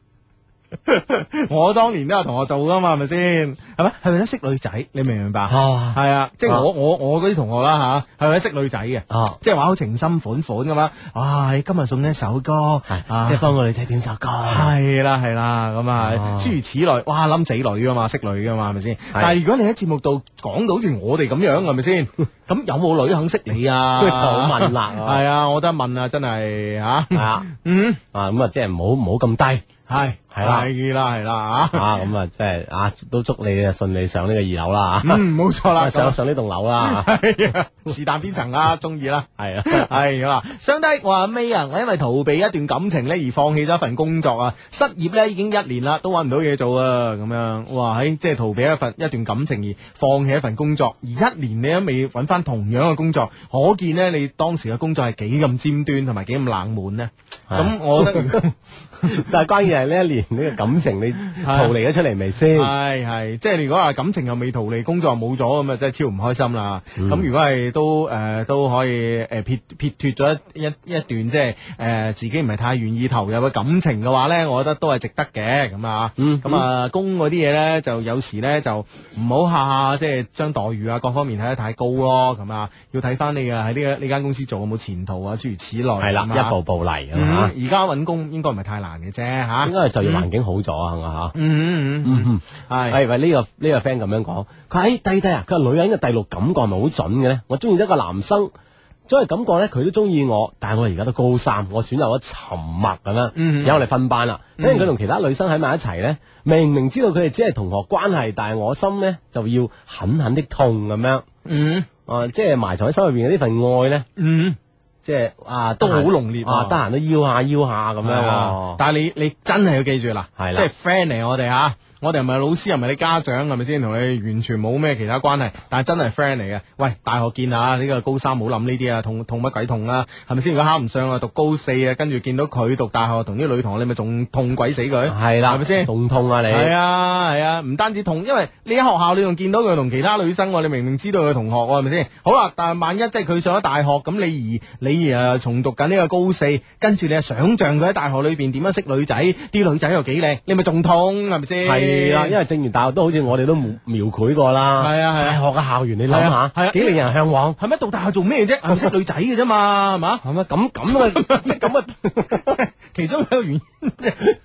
我當年都有同學做噶嘛，係咪先？係咪係咪識女仔？你明唔明白？係啊，即係我我我嗰啲同學啦吓，係咪識女仔嘅？即係話好情深款款咁啊！哇，你今日送一首歌，即係幫個女仔點首歌。係啦係啦，咁啊，諸如此類，哇，冧死女噶嘛，識女噶嘛，係咪先？但係如果你喺節目度講到好似我哋咁樣，係咪先？咁有冇女肯識你啊？就問啦，係啊，我得問啊，真係吓，嗯啊，咁啊，即係唔好唔好咁低，係。係啦，係啦，吓吓，咁啊，即係啊，都祝你啊順利上呢個二樓啦。嗯，冇錯 啦，上上呢棟樓啦。是但邊層啊，中意啦，係啊， 係、嗯、啊。上帝，我話尾啊，我因為逃避一段感情咧而放棄咗一份工作啊，失業咧已經一年啦，都揾唔到嘢做啊，咁樣。哇，喺即係逃避一份一段感情而放棄一份工作，而一年你都未揾翻同樣嘅工作，可見呢，你當時嘅工作係幾咁尖端同埋幾咁冷門呢。咁我覺得， 但係關鍵係呢一年呢個感情你逃離咗出嚟未先？係係， 即係如果話感情又未逃離，工作又冇咗，咁啊真係超唔開心啦。咁、嗯、如果係都誒、呃、都可以誒撇撇脫咗一一一段，即係誒、呃、自己唔係太願意投入嘅感情嘅話咧，我覺得都係值得嘅。咁啊，咁啊、嗯、工啲嘢咧，就有時咧就唔好下下即係將待遇啊各方面睇得太高咯。咁啊、嗯，要睇翻你嘅喺呢呢間公司做有冇前途啊，諸如此類。係啦樣，一步步嚟。嗯嗯。而家揾工應該唔係太難嘅啫吓，應該係就業環境好咗係咪吓？嗯，係係咪呢個呢、呢個 friend 咁樣講？佢、哎、弟弟第，佢話女人嘅第六感覺係咪好準嘅咧？我中意一個男生，作為感覺咧，佢都中意我，但係我而家都高三，我選擇咗沉默咁樣，然後我哋分班啦。因為佢同其他女生喺埋一齊咧，明明知道佢哋只係同學關係，但係我心呢，就要狠狠的痛咁樣。嗯、呃，即係埋藏喺心入邊嘅呢份愛咧。嗯。嗯即係啊，是都好濃烈啊！得閒、啊、都邀下邀下咁樣，啊、但係你你真係要記住啦，係啦、啊，即係 friend 嚟我哋吓、啊。我哋又唔係老師，又唔係你家長，係咪先？同你完全冇咩其他關係，但係真係 friend 嚟嘅。喂，大學見下呢個高三，唔好諗呢啲啊，痛痛乜鬼痛啦？係咪先？如果考唔上啊，讀高四啊，跟住見到佢讀大學，同啲女同學，你咪仲痛鬼死佢？係啦的，係咪先？仲痛啊！你係啊係啊，唔單止痛，因為你喺學校你仲見到佢同其他女生，我你明明知道佢同學，係咪先？好啦，但係萬一即係佢上咗大學，咁你而你而啊重讀緊呢個高四，跟住你啊想象佢喺大學裏邊點樣識女仔，啲女仔又幾靚，你咪仲痛係咪先？是係啦，因為正如大學都好似我哋都描繪過啦，係啊係啊，學嘅校園你諗下，係啊，幾令人向往。係咪讀大學做咩啫？識女仔嘅啫嘛，係嘛？係咪？咁咁啊，即係咁嘅，即係其中一個原因，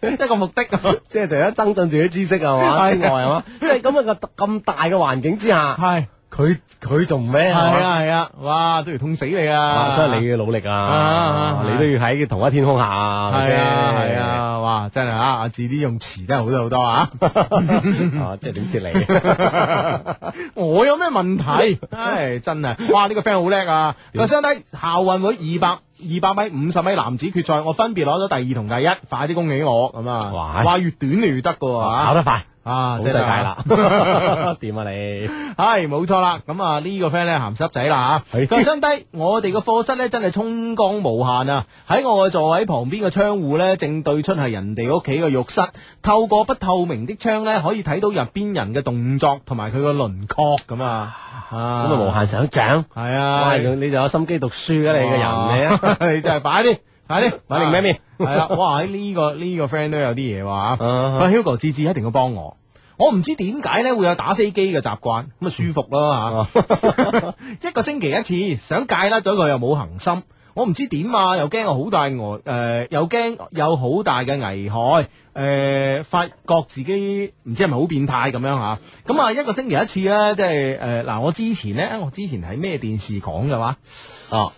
即係一個目的，即係除咗增進自己知識係嘛？之外係嘛？即係咁嘅個咁大嘅環境之下係。佢佢仲唔咩？係啊係啊，哇都要痛死你啊！所以你嘅努力啊，你都要喺同一天空下，係咪先？係啊，哇真係啊，阿智啲用詞真係好咗好多啊！即係點接你？我有咩問題？唉，真啊！哇呢個 friend 好叻啊！個相底校運會二百二百米五十米男子決賽，我分別攞咗第二同第一，快啲恭喜我咁啊！哇，越短你越得嘅，跑得快。啊！好世界啦，掂 啊你，係冇錯啦。咁啊呢個 friend 咧鹹濕仔啦，咁生低我哋個課室咧真係春光無限啊！喺我嘅座位旁邊嘅窗戶咧，正對出係人哋屋企嘅浴室，透過不透明的窗咧，可以睇到入邊人嘅動作同埋佢個輪廓咁啊！咁啊無限想象，係啊，哎、你就有心機讀書啊，啊你嘅人，你啊，你真係快啲。睇咧，買嚟咩麵？係啦，哇！呢、這個呢、這個 friend 都有啲嘢話，但係 Hugo 志志一定要幫我。我唔知點解咧會有打飛機嘅習慣，咁啊舒服咯吓。 一個星期一次，想戒甩咗佢又冇恒心。我唔知點啊，又驚我好大餓，誒、呃，又驚有好大嘅危害，誒、呃，發覺自己唔知係咪好變態咁樣吓。咁啊一個星期一次咧，即係誒，嗱、呃，我之前咧，我之前喺咩電視講嘅話，哦，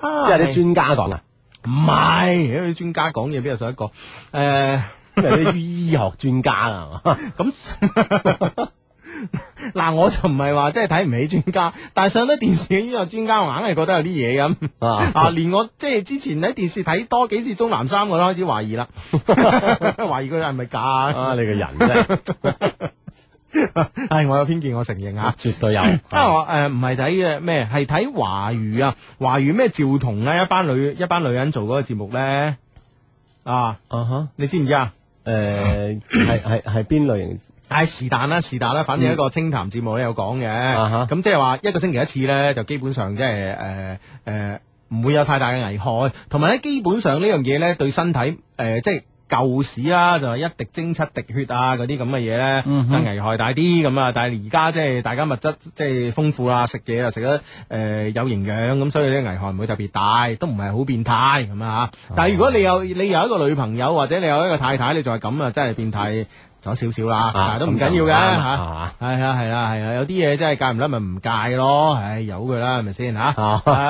即係啲專家講啊。啊唔係，啲專家講嘢邊有上一講？誒、呃，啲 醫學專家 啦，咁嗱，我就唔係話即係睇唔起專家，但係上得電視嘅醫學專家，我硬係覺得有啲嘢咁啊！啊， 連我即係、就是、之前喺電視睇多幾次鍾南山，我都開始懷疑啦， 懷疑佢係咪假啊？你個人啫～ 係、 哎，我有偏見，我承認吓，絕對有。 呃、華語啊，我誒唔係睇嘅咩，係睇華娛啊，華娛咩趙彤啊，一班女一班女人做嗰個節目咧啊，uh huh. 你知唔知啊？誒、uh，係係係邊類型？係是但啦，是但啦，反正一個清談節目咧有講嘅，咁即係話一個星期一次咧，就基本上即係誒誒，唔、呃呃、會有太大嘅危害，同埋咧基本上呢樣嘢咧對身體誒、呃、即係。舊時啦，就係一滴精七滴血啊，嗰啲咁嘅嘢咧，就危害大啲咁啊！但係而家即係大家物質即係豐富啊，食嘢又食得誒有營養，咁所以咧危害唔會特別大，都唔係好變態咁啊吓！但係如果你有你有一個女朋友或者你有一個太太，你仲係咁啊，真係變態咗少少啦，但係都唔緊要嘅吓，係啊係啊係啊！有啲嘢真係戒唔甩咪唔戒咯，唉由佢啦，係咪先吓？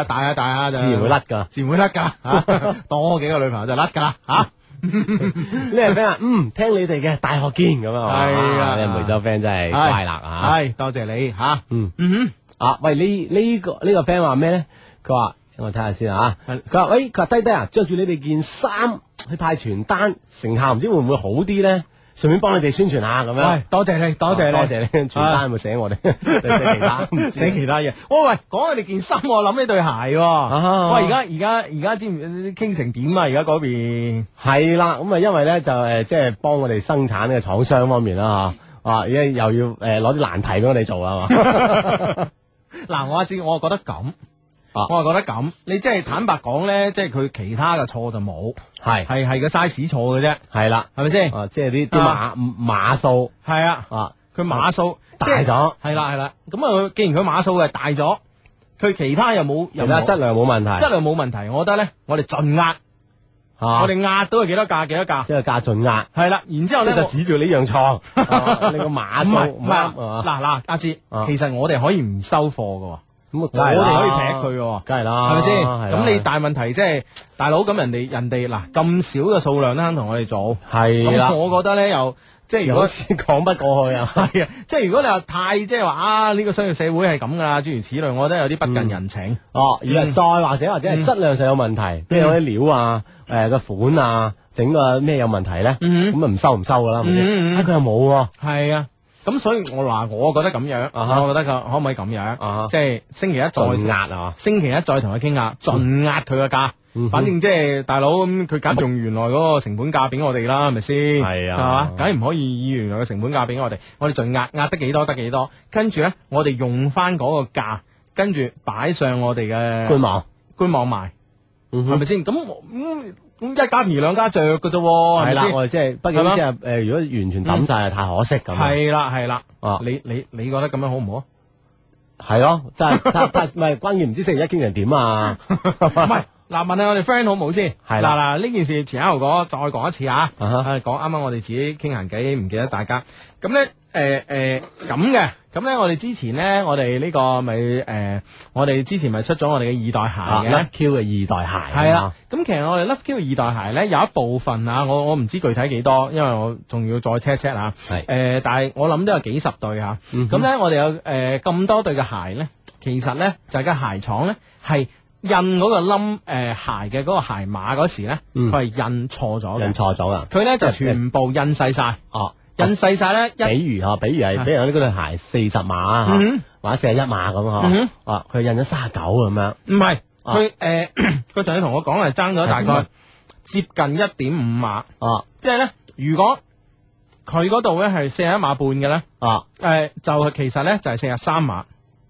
大下大下就自然會甩噶，自然會甩噶，多幾個女朋友就甩噶啦吓。呢咩 friend 啊？嗯，聽你哋嘅，大學見咁啊嘛。係、哎、呀啊，你、這個、梅州 friend 真係快啦吓。係、啊哎，多謝你吓。嗯、啊、嗯，嗯啊，喂，這個這個、呢呢個呢個 friend 話咩咧？佢話我睇下先啊。佢話是，喂，佢、哎、話低低啊，着住你哋件衫去派傳單，成效唔知會唔會好啲咧？順便幫你哋宣傳下咁樣喂，多謝你，多謝多謝你，傳單會寫我哋，寫、啊、 其他寫 其他嘢。喂喂，講你件衫，我諗起對鞋。喂，而家而家而家知唔知傾成點啊？而家嗰邊係啦，咁啊，因為咧就誒，即係幫我哋生產嘅廠商方面啦吓，嗯、啊，而家又要誒攞啲難題俾我哋做啊嘛。嗱， 我知，我啊覺得咁。我係覺得咁，你即係坦白講咧，即係佢其他嘅錯就冇，係係係個 size 錯嘅啫，係啦，係咪先？即係啲碼碼數，係啊，佢碼數大咗，係啦係啦，咁啊，既然佢碼數係大咗，佢其他又冇，其他質量冇問題，質量冇問題，我覺得咧，我哋盡壓，我哋壓到係幾多價幾多價，即係價盡壓，係啦，然之後咧就指住呢樣錯，你個碼數唔啱，嗱嗱阿志，其實我哋可以唔收貨噶。我哋可以劈佢喎，梗係啦，係咪先？咁你大問題即係大佬咁人哋人哋嗱咁少嘅數量都肯同我哋做，係。咁我覺得咧又即係如果講不過去啊，係啊，即係如果你話太即係話啊，呢個商業社會係咁㗎，諸如此類，我覺得有啲不近人情哦。而係再或者或者係質量上有問題，比如有啲料啊、誒個款啊、整個咩有問題咧，咁啊唔收唔收㗎啦。啊，佢又冇喎，係啊。咁所以，我嗱，我覺得咁樣，uh huh. 我覺得佢可唔可以咁樣？即係、uh huh. 星期一再壓啊！星期一再同佢傾壓，盡壓佢個價。Uh huh. 反正即、就、係、是、大佬咁，佢梗用原來嗰個成本價俾我哋啦，係咪先？係啊、uh，係、huh. 嘛？梗係唔可以以原來嘅成本價俾我哋。我哋盡壓壓得幾多得幾多，跟住咧，我哋用返嗰個價，跟住擺上我哋嘅官網官網賣，係咪先？咁咁。是咁一家二兩家著嘅啫，係咪先？係啦，我哋即係，畢竟即係，誒，如果完全抌晒，係太可惜咁。係啦，係啦，哦，你你你覺得咁樣好唔好？係咯，真係但係，唔係，關鍵唔知星期一傾人點啊？唔係，嗱，問下我哋 friend 好唔好先？係啦，嗱，呢件事前一刻講，再講一次吓。講啱啱我哋自己傾閒偈，唔記得大家，咁咧。誒誒咁嘅，咁咧、呃、我哋之前咧，我哋呢個咪誒、呃，我哋之前咪出咗我哋嘅二代鞋嘅，Love Q 嘅二代鞋，係啊。咁其實我哋 Love Q 嘅二代鞋咧有一部分啊，我我唔知具體幾多，因為我仲要再 check check 吓。係誒是、呃，但係我諗都有幾十對吓。咁咧、嗯、哼我哋有誒咁、呃、多對嘅鞋咧，其實咧就係、是個,呃、個鞋廠咧係印嗰個冧誒鞋嘅嗰個鞋碼嗰時咧，佢係印錯咗嘅。印錯咗啦！佢咧就全部印細晒。哦。印細曬咧，比如啊，比如係比如嗰對鞋四十碼，或者四十一碼咁嗬，啊，佢印咗三十九咁樣。唔係，佢誒，佢上次同我講係爭咗大概接近一點五碼。啊。即係咧，如果佢嗰度咧係四十一碼半嘅咧，啊，誒，就其實咧就係四十三碼。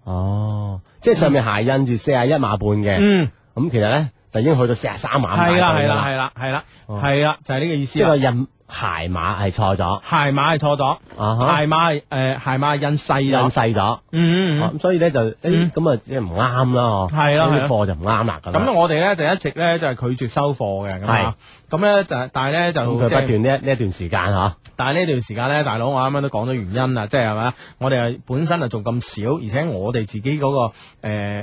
哦，即係上面鞋印住四十一碼半嘅。嗯，咁其實咧就已經去到四十三碼。係啦，係啦，係啦，係啦，係啦，就係呢個意思。即係印。鞋碼係錯咗，鞋碼係錯咗，啊哈，鞋碼誒鞋碼印細咗，印細咗，嗯嗯咁、嗯啊、所以咧就誒咁啊即係唔啱啦嗬，係、欸、啦，啲貨、嗯、就唔啱啦咁，咁我哋咧就一直咧就係拒絕收貨嘅，係。咁咧就，但係咧就佢不斷呢一呢一段時間嚇。但係呢段時間咧，大佬我啱啱都講咗原因啦，即係係嘛，我哋啊本身啊仲咁少，而且我哋自己嗰、嗰個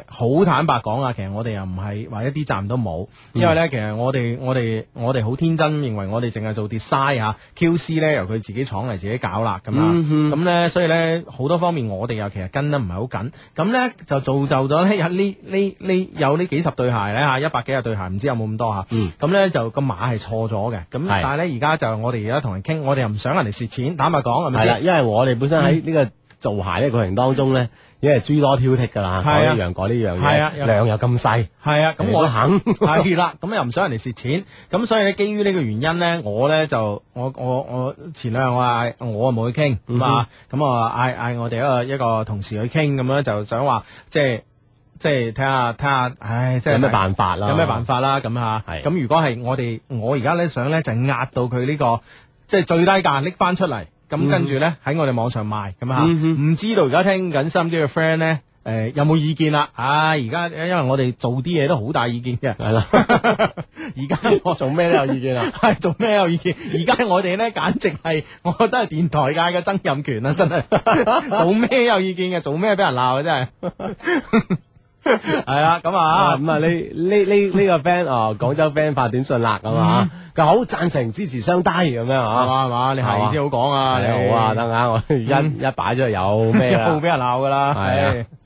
好、呃、坦白講啊，其實我哋又唔係話一啲站都冇，因為咧、嗯、其實我哋我哋我哋好天真認為我哋淨係做啲 size 嚇，QC 咧由佢自己廠嚟自己搞啦咁啊，咁咧、嗯、哼 所以咧好多方面我哋又其實跟得唔係好緊，咁咧就造就咗呢呢呢有呢幾十對鞋咧嚇，一百幾啊對鞋唔知有冇咁多嚇，咁咧、嗯嗯、就個碼。係錯咗嘅，咁但係咧而家就我哋而家同人傾，我哋又唔想人哋蝕錢，坦白講係咪先？係啦，因為我哋本身喺呢個做鞋嘅過程當中咧，已經係諸多挑剔噶啦，啊，一樣改呢樣嘢，係啊，量又咁細，係啊，咁我肯，係啦、 啊，咁又唔想人哋蝕錢，咁所以呢，基於呢個原因呢，我咧就我我我前兩日我嗌我、嗯、哼啊冇去傾，咁啊咁啊嗌嗌我哋一個一個同事去傾，咁樣就想話即係。即即係睇下睇下，唉，即係有咩辦法啦？有咩辦法啦？咁啊是，係咁，如果係我哋，我而家咧想咧就壓到佢呢、這個即係最低價拎翻出嚟，咁跟住咧喺我哋網上賣咁、嗯哼呃、啊，唔知道而家聽緊心 D 嘅 friend 咧，誒有冇意見啦？唉，而家因為我哋做啲嘢都好大意見嘅，係啦的，而家 我做咩都有意見啊？係 做咩有意見？而家我哋咧簡直係，我覺得係電台界嘅曾蔭權啦、啊，真係做咩有意見嘅？做咩俾人鬧啊真係？ 係 啊，咁啊，咁、嗯、啊，呢呢呢呢個 friend 哦，廣州 friend 發短信啦，咁啊，佢吧好贊成支持雙低咁樣，係嘛，係嘛，你係，先好講啊，啊你好啊，得啊，啊，我一、嗯、一擺咗有咩啦，好俾 人鬧噶啦，係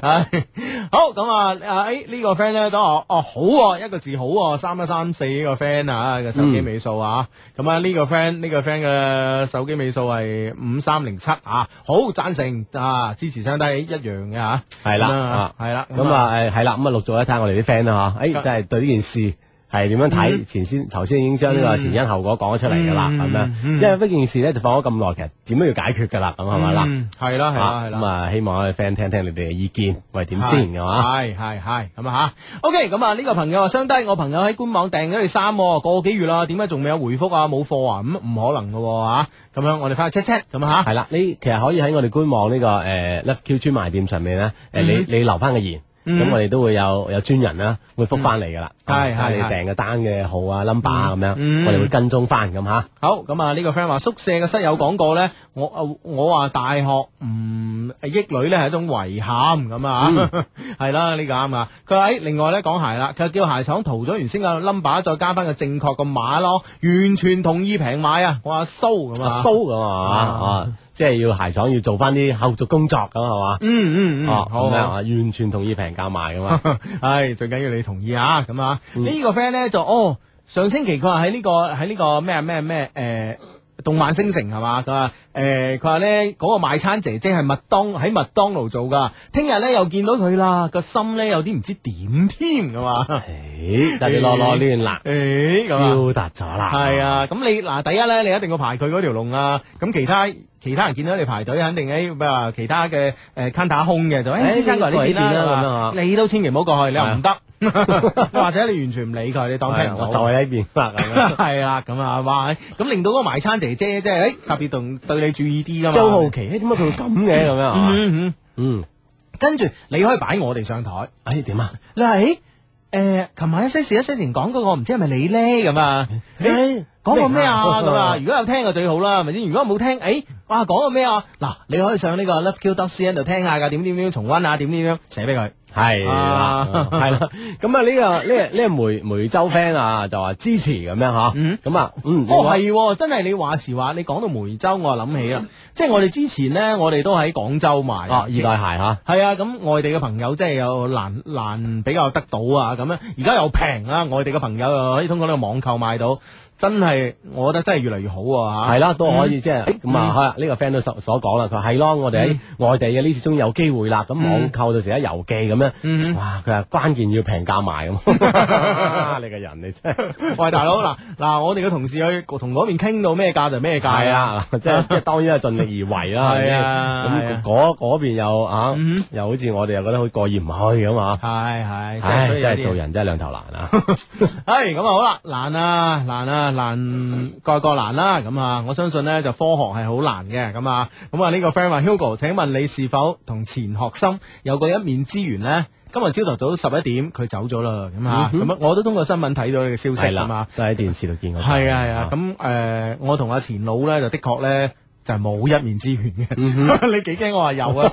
唉、 啊哎這個哦，好咁啊！誒，呢個 friend 咧都話哦好一個字好、啊，三一三四呢個 friend 啊個手機尾數啊，咁啊呢個 friend 呢個 friend 嘅手機尾數係五三零七啊，好贊成啊，支持相當一樣嘅吓，係啦，係啦，咁啊誒係啦，咁啊錄咗一睇我哋啲 friend 啊，吓的，誒真係對呢件事。係點樣睇？前先頭先已經將呢個前因後果講咗出嚟噶啦，咁樣、嗯，因為呢件事咧就放咗咁耐，其實點都要解決噶啦，咁係咪啦？係啦，係啦，係啦。咁啊，希望我哋 friend 聽聽你哋嘅意見，喂點先係嘛？係係係，咁啊吓、啊。OK，咁啊呢、這個朋友話相低，我朋友喺官網訂咗件衫，過個幾月啦？點解仲未有回覆啊？冇貨啊？咁、嗯、唔可能噶吓。咁、啊、樣,樣，我哋翻去 check check，咁吓。係啦，你其實可以喺我哋官網呢、這個誒 LOVEQ 專賣店上面咧，誒、啊啊啊、你你留翻個言。咁我哋都會有有專人啦，會覆翻嚟噶啦，係係你訂嘅單嘅號啊 number 啊咁樣，我哋會跟蹤翻咁吓。好，咁啊呢個 friend 話宿舍嘅室友講過咧，我我我話大學唔益女咧係一種遺憾咁啊，係啦呢個啱噶。佢話誒，另外咧講鞋啦，佢叫鞋廠塗咗原先嘅 number，再加翻個正確個碼咯，完全同意平買啊，話收咁啊，收咁啊。即係要鞋廠要做翻啲後續工作咁係嘛？嗯嗯嗯，好，完全同意平價賣噶嘛？係最緊要你同意啊！咁啊，呢個 friend 咧就哦，上星期佢話喺呢個喺呢個咩啊咩咩誒，動漫星城係嘛？佢話誒，佢話咧嗰個賣餐姐姐係麥當喺麥當勞做噶，聽日咧又見到佢啦，個心咧有啲唔知點添噶嘛？誒，特別囉囉攣啦，招搭咗啦。係啊，咁你嗱第一咧，你一定要排佢嗰條龍啊！咁其他。其他人見到你排隊，肯定喺譬如話其他嘅誒 counter 空嘅度。誒，先生嚟呢邊啦，你都千祈唔好過去，你又唔得，或者你完全唔理佢，你當聽唔到，就喺呢邊，係啦，咁啊，哇！咁令到嗰個賣餐姐姐即係誒特別對對你注意啲啊嘛。周好奇，點解佢會咁嘅咁樣？嗯，跟住你可以擺我哋上台。誒點啊？你係誒琴晚一些事一些情講過，我唔知係咪你咧咁啊？講個咩啊咁啊？如果有聽就最好啦，係咪先？如果冇聽，誒、哎，哇，講個咩啊？嗱、啊，你可以上呢個 Love Q dot cn 喺度聽，聽下噶，點點點重温啊，點點樣寫俾佢，係啦，係啦。咁啊，呢個呢呢梅梅州 friend 啊，就話支持咁樣吓。咁啊，嗯，哦係、 嗯，嗯啊、真係你話時話，你講到梅州，我啊諗起啦。嗯、即係我哋之前呢，我哋都喺廣州賣哦，二代鞋吓。係啊，咁外，、啊其啊、外地嘅朋友即係有難難比較得到啊，咁樣而家又平啦，外地嘅朋友又可以通過呢個網購買到。真係，我覺得真係越嚟越好啊！係啦，都可以即係咁啊！呢個 friend 都所所講啦，佢話係咯，我哋喺外地嘅呢次終於有機會啦。咁網購到時喺郵寄咁樣，哇！佢話關鍵要平價賣咁。你個人你真係喂，大佬嗱嗱，我哋嘅同事去同嗰邊傾到咩價就咩價啊！即即係當然係盡力而為啦。係啊，咁嗰嗰邊又啊，又好似我哋又覺得好過意唔去咁啊！係係，真係做人真係兩頭難啊！係，咁啊好啦，難啊難啊！難蓋過難啦，啊，咁啊，我相信呢就科學係好難嘅。咁啊，咁啊呢，這個 friend 話 Hugo，請問你是否同錢學森有過一面之緣呢？今日朝頭早十一點佢走咗啦，咁啊，咁，嗯，哼啊，我都通過新聞睇到你嘅消息，係啦，嗯哼，啊，都喺電視度見過，係啊係啊，咁誒，啊啊啊，我同阿錢老呢，就的確呢，就係冇一面之緣嘅， 你幾驚我話有啊？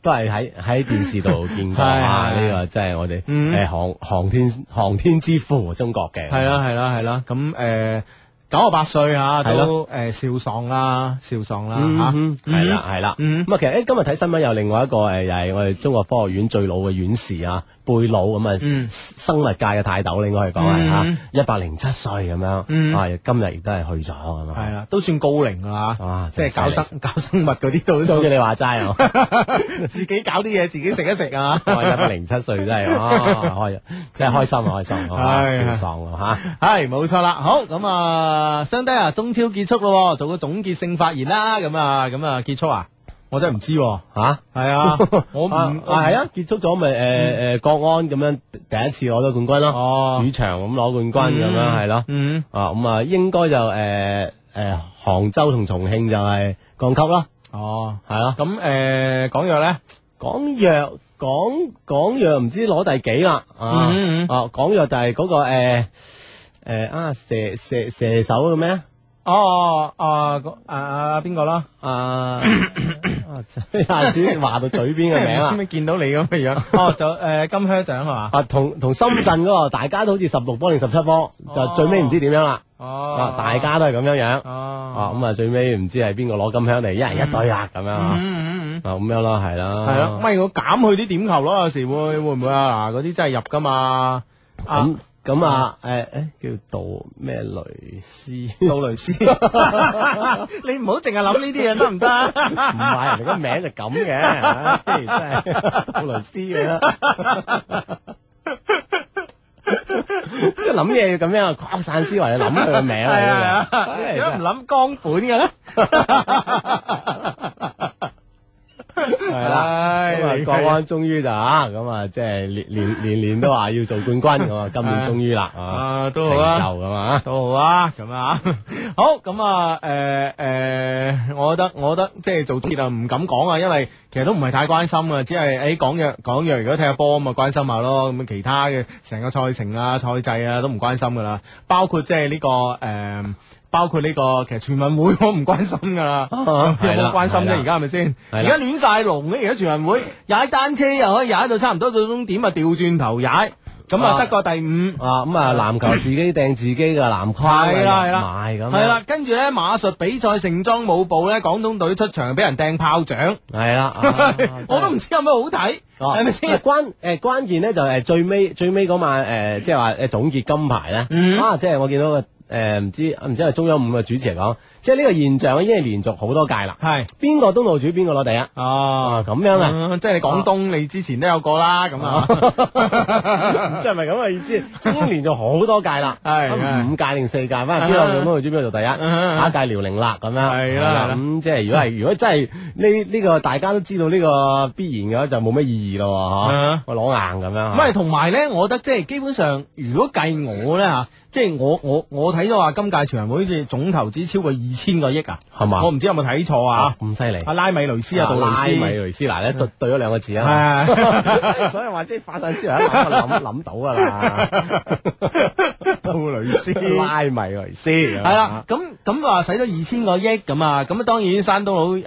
都係喺喺電視度見過啊 是是！呢個真係我哋誒，航航天航天之父中國嘅，係啦係啦係啦。咁、嗯、誒，九十八歲吓、啊、都誒，笑喪啦笑喪啦吓，係啦係啦。咁、嗯、哼啊，其實誒今日睇新聞有另外一個誒，又、呃、係我哋中國科學院最老嘅院士啊。背腦咁啊，生物界嘅泰斗咧，應該可以講係吓，一百零七歲咁樣，係今日亦都係去咗咁啊，係啦，都算高齡啊，哇，即係搞生搞生物嗰啲都好，知你話齋，自己搞啲嘢，自己食一食啊，一百零七歲真係，開即係開心啊開心，啊，壯咯吓，係冇錯啦，好咁啊，雙低啊，中超結束咯，做個總結性發言啦，咁啊咁啊結束啊。我真係唔知，吓係啊！我唔係啊！結束咗咪誒誒國安咁樣第一次攞到冠軍咯，主場咁攞冠軍咁樣係咯，啊咁啊應該就誒誒杭州同重慶就係降級啦。哦，係咯。咁誒廣藥咧，廣藥廣廣藥唔知攞第幾啦。哦哦廣藥就係嗰個誒誒啊射射射手嘅咩？哦，啊，誒、啊，邊個咯？啊，啲太話到嘴邊嘅名啦，見到你咁嘅樣，哦，就誒金靴獎係嘛？啊，同同深圳嗰個，大家都好似十六波定十七波，哦、就最尾唔知點樣啦。哦，大家都係咁樣樣。哦，啊，咁啊最尾唔知係邊個攞金靴嚟，一人一對啊，咁樣嗬。啊、嗯，咁、嗯嗯、樣咯，係啦。係咯，咪我減去啲點球咯，有時會會唔會的的啊？嗱，嗰啲真係入噶嘛。咁。咁啊，誒誒、嗯嗯，叫杜咩雷斯？杜雷斯， 你唔好淨係諗呢啲嘢，得唔得？唔係人哋個名就咁嘅，真係杜雷斯啦，即係諗嘢要咁樣擴散思維，諗佢個名。係 啊，點解唔諗江款嘅咧？ 係啦，咁啊，國安終於就吓，咁啊，即係年年年年都話要做冠軍，咁啊，今年終於啦，啊，都好啊，咁啊，都好啊，咁啊，好，咁啊，誒誒，我覺得我覺得即係做鐵啊，唔敢講啊，因為其實都唔係太關心啊，只係誒講嘢講嘢，如果踢下波啊嘛，關心下咯，咁其他嘅成個賽程啊、賽制啊，都唔關心噶啦，包括即係呢個誒。包括呢個其實全運會我唔關心噶啦，有乜關心啫？而家係咪先？而家亂晒龍嘅，而家全運會踩單車又可以踩到差唔多到終點，咪調轉頭踩，咁啊得個第五啊。咁啊籃球自己掟自己噶籃筐，係啦係啦，咁係啦。跟住咧馬術比賽盛裝舞步咧，廣東隊出場俾人掟炮仗，係啦，我都唔知有咩好睇，係咪先？關誒關鍵咧就係最尾最尾嗰晚誒，即係話誒總結金牌咧，哇！即係我見到個。誒，唔知唔知係中央五嘅主持嚟講，即係呢個現象已經係連續好多屆啦。係邊個東道主邊個攞第一？哦，咁樣啊，即係你廣東你之前都有過啦，咁啊，即係咪咁嘅意思？已經連咗好多屆啦，係五屆定四屆，反正邊個做東道主邊個做第一，下一屆遼寧啦咁樣。係啦，咁即係如果係如果真係呢呢個大家都知道呢個必然嘅話，就冇乜意義咯，嗬？我攞硬咁樣。唔係，同埋咧，我覺得即係基本上，如果計我咧吓。即係我我我睇到話今屆全運會嘅總投資超過二千個億啊，係嘛？我唔知有冇睇錯啊？咁犀利！阿拉米雷斯啊，杜蕾斯，拉米雷斯嗱咧，就對咗兩個字啊。所以話即係發晒思來諗諗到噶啦。杜蕾斯，拉米雷斯，係啦。咁咁話使咗二千個億咁啊？咁啊，當然山東佬誒，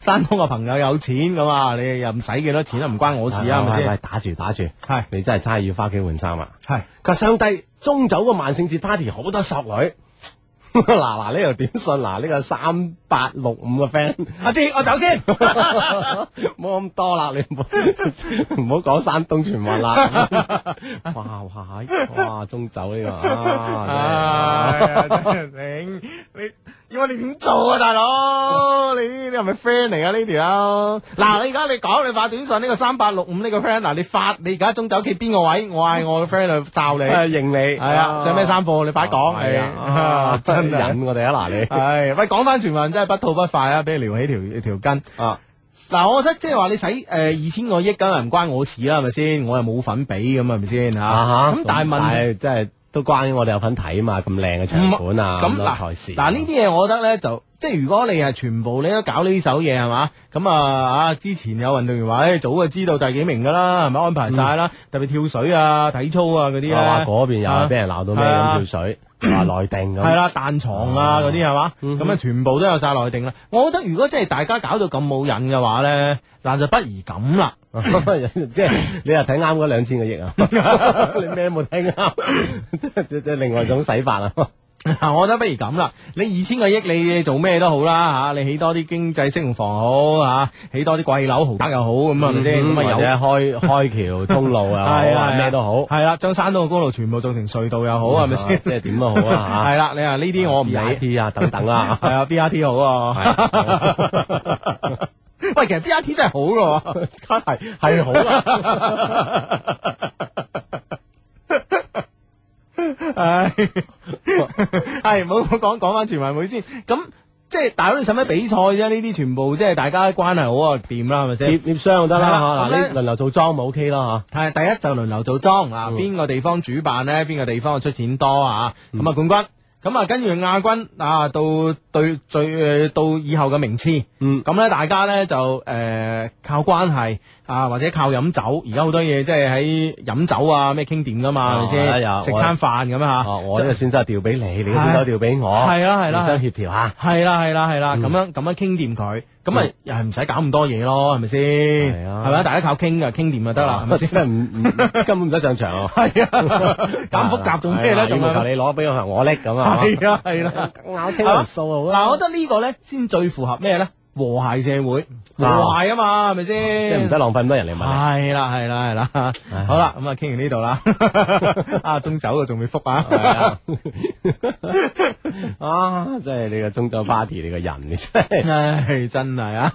山東嘅朋友有錢咁啊，你又唔使幾多錢啦，唔關我事啊，係咪先？打住打住，係你真係差要返屋企換衫啊？係。上帝中酒個萬聖節 party 好多索女，嗱嗱呢度短信，嗱呢個三八六五嘅 friend，阿志我走先，冇咁多啦，你唔好唔好講山東傳聞啦，哇哇哇中酒呢個，啊真你。要我哋點做啊，大佬？你你係咪 friend 嚟啊呢條友啊，嗱，你而家你講你發短信呢、呢個三八六五呢個 friend，嗱，你發你而家中走企邊個位？我嗌我嘅 friend 去罩你、啊，認你係啊，着咩衫褲？你快講係啊，啊，啊，真，啊真忍我哋啊嗱，你係喂講翻傳聞真係不吐不快啊，俾你撩起條條筋啊！嗱，我覺得即係話你使誒二千個億梗係唔關我事啦，係咪先？我又冇份俾咁係咪先吓？咁、啊啊啊、但係問，啊、問真係。都關於我哋有份睇啊嘛，咁靚嘅場館啊，咁、嗯嗯、多財嗱呢啲嘢，我覺得咧就，即係如果你係全部你都搞呢首嘢係嘛，咁啊，啊，之前有運動員話，誒、欸、早就知道第幾名噶啦，係咪安排晒啦？嗯、特別跳水啊、體操啊嗰啲啊，話嗰、啊、邊又係俾人鬧到咩咁跳水。啊話內定咁係啦，彈 床啊嗰啲係嘛，咁啊全部都有晒內定啦。我覺得如果真係大家搞到咁冇癮嘅話咧，嗱就不如咁啦，即係、 就是、你又睇啱嗰兩千個億啊？ 你咩冇睇啱？即係 另外一種洗法啊！我覺得不如咁啦，你二千個億你做咩都好啦吓，你起多啲經濟適用房好吓，起多啲貴樓豪宅又好，咁係咪先？咁啊或者開開橋、通路又好，咩都好。係啦，將山東嘅公路全部做成隧道又好，係咪先？即係點都好啊吓。係啦，你話呢啲我唔理。B R T 啊等等啊，係啊 B R T 好。啊。喂，其實 B R T 真係好噶，係係好啊。係係，唔好講，講翻全運會先。咁 即係大佬你使乜比賽啫？呢啲全部即係大家關係好看看啊，掂啦，啊，係咪先？協商，就得啦，嗱，你輪流做莊咪 OK 咯吓。係，第一就輪流做莊。嗱、嗯，邊個地方主辦呢？邊個地方出錢多啊？咁、嗯、啊，冠軍，咁啊跟住亞軍啊，到對最、呃、到以後嘅名次，咁咧、嗯啊、大家咧就誒、呃、靠關係。啊，或者靠飲酒，而家好多嘢即係喺飲酒啊，咩傾掂噶嘛，係咪先？食餐飯咁啊，我呢個選擇調俾你，你呢個選擇調俾我，係啦係啦，互相協調嚇，係啦係啦係啦，咁樣咁樣傾掂佢，咁咪又係唔使搞咁多嘢咯，係咪先？係啊，係咪大家靠傾噶，傾掂就得啦，係咪先？根本唔使上場，係啊，咁複雜仲咩咧？要求你攞俾我，我搦咁啊，係啊係啦，咬清阿嗱，我覺得呢個咧先最符合咩咧？和諧社會，和諧啊嘛，係咪先？即係唔使浪費咁多人嚟問。係啦，係啦，係啦。好啦，咁啊，傾完呢度啦。啊，中酒啊，仲未復啊！啊，即係你個中酒 party，你個人真、 哎，真係，真係啊！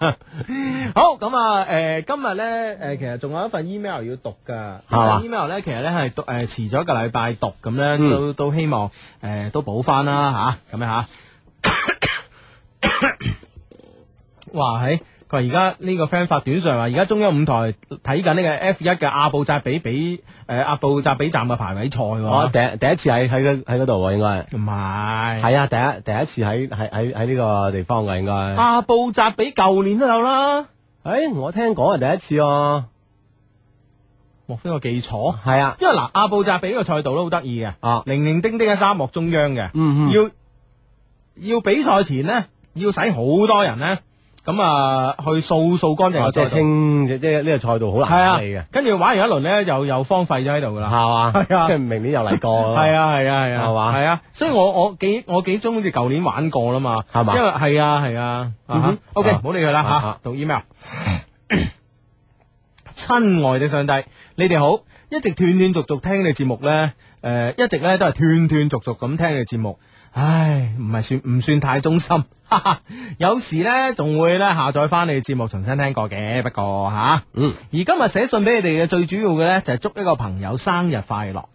好，咁啊，誒、呃，今日咧，誒，其實仲有一份 email 要讀噶。係嘛？email 咧，其實咧係讀，誒、呃，遲咗個禮拜讀，咁咧都都希望，誒、呃，都補翻啦，吓、啊，咁樣吓。 哇！喺佢話而家呢個 friend 發短信話，而家中央五台睇緊呢個 F 一嘅阿布扎比比誒、呃、阿布扎比站嘅排位賽喎，第第一次喺喺個喺嗰度應該唔係，係啊，第一第一次喺喺喺喺呢個地方嘅應該阿布扎比舊年都有啦，誒、哎，我聽講係第一次啊。莫非我記錯？係啊，因為嗱、啊、阿布扎比呢個賽道都好得意嘅啊，零零丁丁嘅沙漠中央嘅、嗯哼，要要比賽前呢，要使好多人呢。咁啊，去掃掃乾淨，即係清即係呢個賽道好難避嘅。跟住玩完一輪咧，又又荒廢咗喺度噶啦。係嘛，即係明年又嚟過。係啊係啊係啊，係嘛，係啊。所以我我幾我幾鍾意舊年玩過啦嘛，係嘛。因為係啊係啊。O K，唔好理佢啦吓。讀 email 親愛嘅上帝，你哋好，一直斷斷續續聽你節目咧，誒，一直咧都係斷斷續續咁聽你節目，唉，唔係算唔算太忠心？哈哈， 有時咧仲會咧下載翻你哋節目重新聽過嘅，不過吓，嗯，而今日寫信俾你哋嘅最主要嘅咧就係祝一個朋友生日快樂，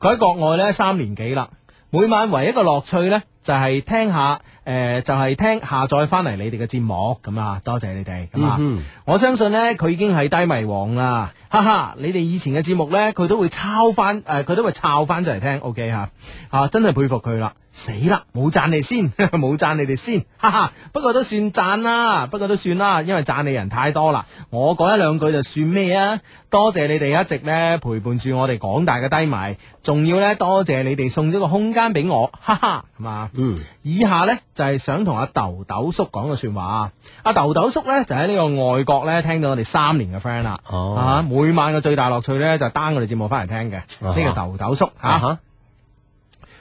佢喺國外咧三年幾啦，每晚唯一一個樂趣咧。就係聽、呃就是、聽下，誒，就係聽下載翻嚟你哋嘅節目咁啊！多謝你哋咁啊！嗯、哼我相信呢，佢已經係低迷王啦，哈哈！你哋以前嘅節目呢，佢都會抄翻，誒、呃，佢都會抄翻咗嚟聽，OK 吓、啊，吓、啊！真係佩服佢啦，死啦，冇讚你先，冇 讚你哋先，哈哈！不過都算讚啦，不過都算啦，因為讚你人太多啦，我講一兩句就算咩啊！多謝你哋一直咧陪伴住我哋廣大嘅低迷，仲要呢，多謝你哋送咗個空間俾我，哈哈，係嘛、啊？嗯，以下呢，就係、是、想同阿豆豆叔講嘅說個話啊！阿豆豆叔呢，就喺呢個外國呢，聽到我哋三年嘅 friend 啦，哦、啊，每晚嘅最大樂趣呢，就 down 我哋節目翻嚟聽嘅，呢、啊、哈個豆豆叔啊，啊哈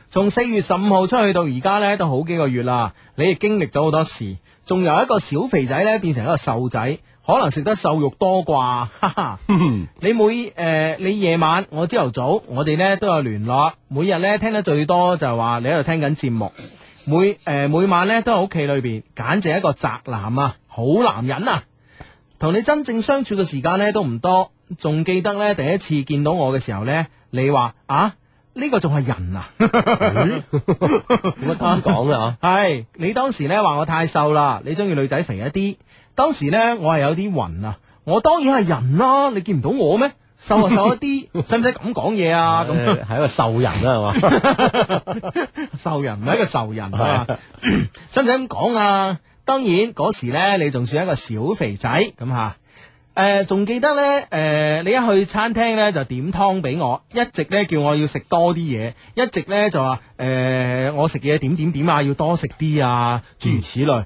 從四月十五號出去到而家呢，都好幾個月啦，你亦經歷咗好多事，仲由一個小肥仔呢，變成一個瘦仔。可能食得瘦肉多啩，哈 哈、呃！你每誒，你夜晚我朝頭早，我哋咧都有聯絡。每日咧聽得最多就係話你喺度聽緊節目。每誒、呃、每晚咧都喺屋企裏邊，簡直一個宅男啊，好男人啊。同你真正相處嘅時間咧都唔多，仲記得咧第一次見到我嘅時候呢，你話啊呢、呢個仲係人啊？冇乜多講嘅係你當時咧話我太瘦啦，你中意女仔肥一啲。當時咧，我係有啲暈啊！我當然係人啦，啊，你見唔到我咩？瘦就瘦了一啲，使唔使咁講嘢啊？咁係、呃、 一個瘦人啦，係嘛？瘦人唔係一個瘦人係係，使唔使咁講啊？當然嗰時咧，你仲算一個小肥仔咁吓。誒、啊、仲、呃、記得咧？誒、呃，你一去餐廳咧就點湯俾我，一直咧叫我要食多啲嘢，一直咧就話誒、呃，我食嘢點點點啊，要多食啲啊，諸如此類。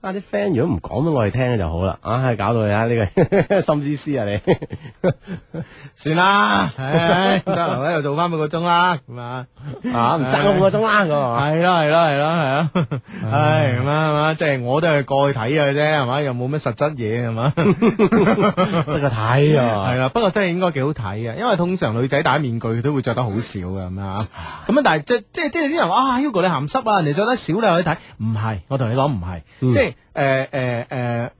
啊！啲 friend 如果唔講俾我哋聽就好啦，啊，搞到你啊！呢個心思思啊你，算啦，唉，得啦，又做翻半個鐘啦，咁啊，啊，唔賺個半個鐘啦，咁係咯，係咯，係咯，係咯，係咁啦，係嘛，即係我都係過去睇嘅啫，係嘛，又冇咩實質嘢，係嘛，不過睇啊，係啦，不過真係應該幾好睇嘅，因為通常女仔戴面具都會着得好少嘅，係嘛，咁樣，但係即即即係啲人啊，Hugo 你鹹濕啊，人哋着得少你去睇，唔係，我同你講唔係，即係。誒誒誒，好，呃呃呃、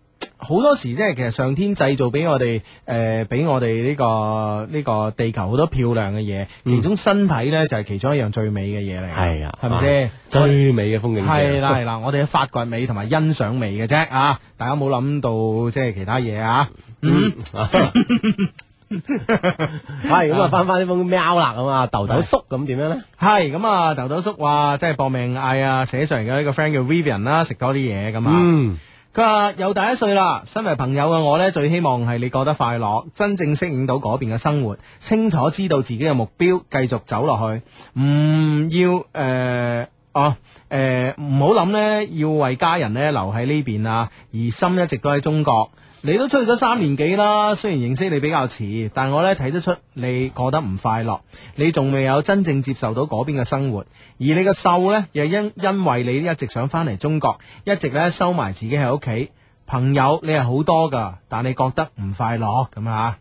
多時即係其實上天製造俾我哋誒，俾、呃、我哋呢、這個呢、這個地球好多漂亮嘅嘢，嗯、其中身體咧就係、是、其中一樣最美嘅嘢嚟，係、哎、呀啊，係咪先？最美嘅風景係啦係啦，我哋發掘美同埋欣賞美嘅啫啊，大家冇諗到即係、就是、其他嘢啊。嗯嗯 係 咁 啊，翻翻呢封喵啦，咁啊豆豆叔咁點樣呢？係咁啊，豆豆叔話即係搏命嗌啊！寫上嚟嘅呢個 friend 叫 Vivian 啦，食多啲嘢咁啊。嗯，佢話、啊嗯、又大一歲啦。身為朋友嘅我呢，最希望係你過得快樂，真正適應到嗰邊嘅生活，清楚知道自己嘅目標，繼續走落去，唔、嗯、要誒哦誒，唔好諗呢，啊呃、要為家人呢留喺呢邊啊，而心一直都喺中國。你都出去咗三年幾啦，雖然認識你比較遲，但我咧睇得出你過得唔快樂。你仲未有真正接受到嗰邊嘅生活，而你嘅秀呢，又因因為你一直想翻嚟中國，一直咧收埋自己喺屋企。朋友你係好多噶，但你覺得唔快樂咁啊？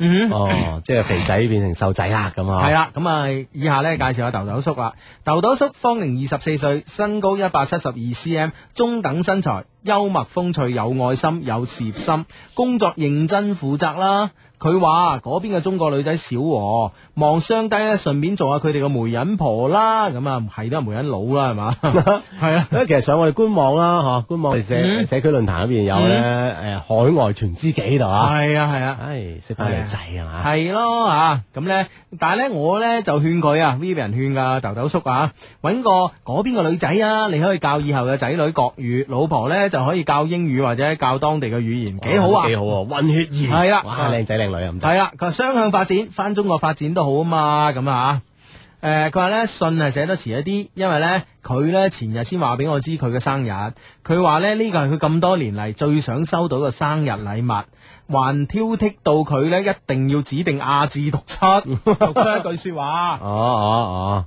嗯，哦，即係肥仔變成瘦仔啦，咁 啊，係啦，咁啊，以下呢介紹下豆豆叔啦。豆豆叔，芳齡二十四歲，身高一百七十二 cm，中等身材，幽默風趣，有愛心，有事業心，工作認真負責啦。佢話嗰邊嘅中國女仔少喎，望雙低咧，順便做下佢哋嘅媒人婆啦。咁啊，係都係媒人佬啦，係嘛？係。咁其實上我哋官網啦，嚇官網社社區論壇入邊有咧，誒海外傳知己度啊。係啊係啊，誒識翻嚟仔係嘛？係咯嚇。咁咧，但係咧，我咧就勸佢啊，Vivian 勸噶，豆豆叔啊，揾個嗰邊嘅女仔啊，你可以教以後嘅仔女國語，老婆咧就可以教英語或者教當地嘅語言，幾好啊？幾好啊，混血兒。係啦，哇，靚仔係啊，佢話雙向發展，翻中國發展都好啊嘛，咁啊誒，佢、呃、話呢信係寫得遲一啲，因為呢，佢呢前日先話俾我知佢嘅生日，佢話呢，呢、這個係佢咁多年嚟，最想收到嘅生日禮物，還挑剔到佢呢一定要指定亞字讀出，嗯、讀出一句說話，哦哦哦，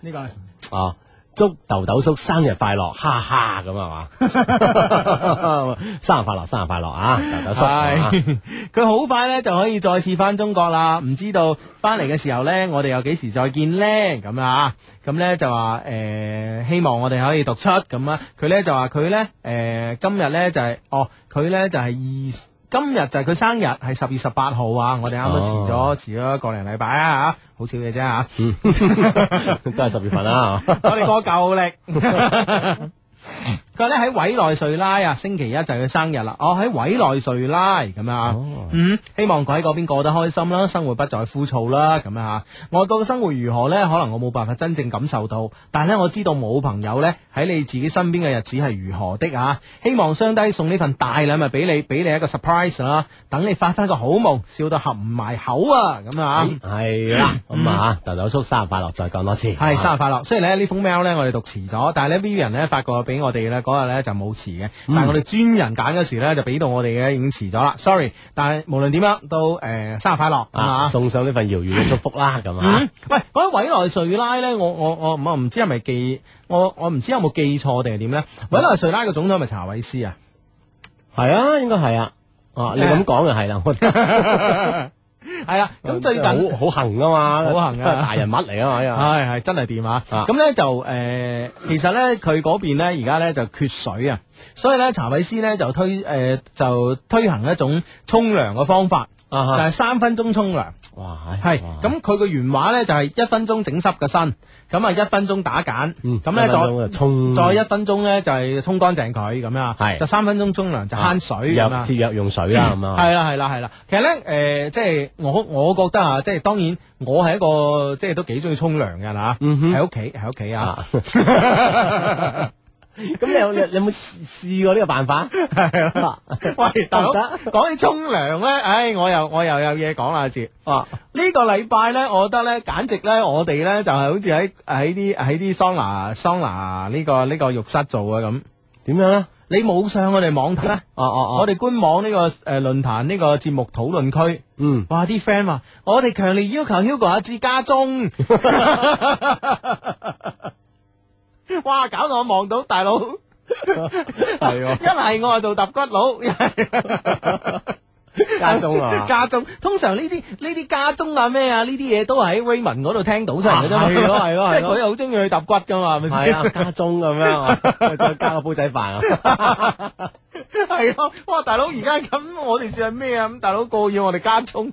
呢個啊。啊啊這個啊祝豆豆叔生日快樂，哈哈咁啊嘛！生日快樂，生日快樂啊，豆豆叔。佢好 快咧就可以再次翻中國啦，唔知道翻嚟嘅時候咧，我哋有幾時再見呢？咁啊，咁咧就話誒、呃，希望我哋可以讀出咁啊。佢咧就話佢咧誒，今日咧就係、是、哦，佢咧就係二。今日就係佢生日，係十月十八號啊！我哋啱啱遲咗，oh. 遲咗個零禮拜啊！嚇、啊，好少嘢啫嚇，都係十月份啦，我哋過夠力。 佢咧喺委內瑞拉啊，星期一就佢生日啦。我、哦、喺委內瑞拉咁樣啊，哦、嗯，希望佢喺嗰邊過得開心啦，生活不再枯燥啦，咁樣、啊、外國嘅生活如何呢？可能我冇辦法真正感受到，但係呢，我知道冇朋友呢，喺你自己身邊嘅日子係如何的啊。希望雙低送呢份大禮物俾你，俾你一個 surprise 啦，等你發翻個好夢，笑到合唔埋口啊！咁啊，係啊，咁啊、嗯，豆豆叔生日快樂，再講多次，係生、嗯、日快樂。嗯、雖然呢，呢封 mail 呢，我哋讀遲咗，但係呢 V V 人呢發個。俾我哋咧，嗰日咧就冇遲嘅，但係我哋專人揀嗰時咧就俾到我哋嘅，已經遲咗啦。Sorry，但係無論點樣都誒、呃，生日快樂啊！啊啊送上呢份遙遠祝福啦，咁、嗯、啊！喂，講起委內瑞拉咧，我我我我唔知係咪記，我我唔知有冇記錯定係點咧？呢嗯、委內瑞拉嘅總統係咪查韋斯啊？係啊，應該係啊。哦、啊，你咁講就係啦。 係啊，咁最近好行啊嘛，好行啊，因為大人物嚟啊嘛，係係 真係掂啊，咁咧的就誒、呃，其實咧佢嗰邊咧而家咧就缺水啊，所以咧查韋斯咧就推誒、呃、就推行一種沖涼嘅方法。就係三分鐘沖涼，係咁佢個原話咧就係一分鐘整濕個身，咁啊一分鐘打鹼，咁咧再沖再一分鐘咧就係沖乾淨佢咁樣，就三分鐘沖涼就慳水，節約用水啦咁啊。係啦係啦係啦，其實咧誒即係我我覺得啊即係當然我係一個即係都幾中意沖涼嘅吓，喺屋企喺屋企啊。咁 你有有有冇試過呢個辦法？係啦，喂，得唔得？講起沖涼咧，唉、哎，我又我又有嘢講啦，阿哲，哇， 個呢個禮拜咧，我覺得咧，簡直咧，我哋咧就係好似喺喺啲喺啲桑拿桑拿呢、這個呢、這個浴室做啊咁。點樣咧？樣呢你冇上我哋網睇咧、 哦？哦哦哦，我哋官網呢、這個誒論壇呢個節目討論區。嗯。哇！啲 friend 話， 我哋強烈要求 Hugo 阿志家中。 哇！搞我到我望到大佬，係一係我啊做揼、啊啊啊啊、骨佬、 啊，家中啊，家中通常呢啲呢啲家中啊咩啊呢啲嘢都喺 Raymond 嗰度聽到啫嘛，係咯係咯，即係佢好中意去揼骨噶嘛，係啊，家中咁樣，啊，再加個煲仔飯啊，係 咯、 啊，哇！大佬而家咁，我哋算係咩啊？咁大佬過要我哋家中。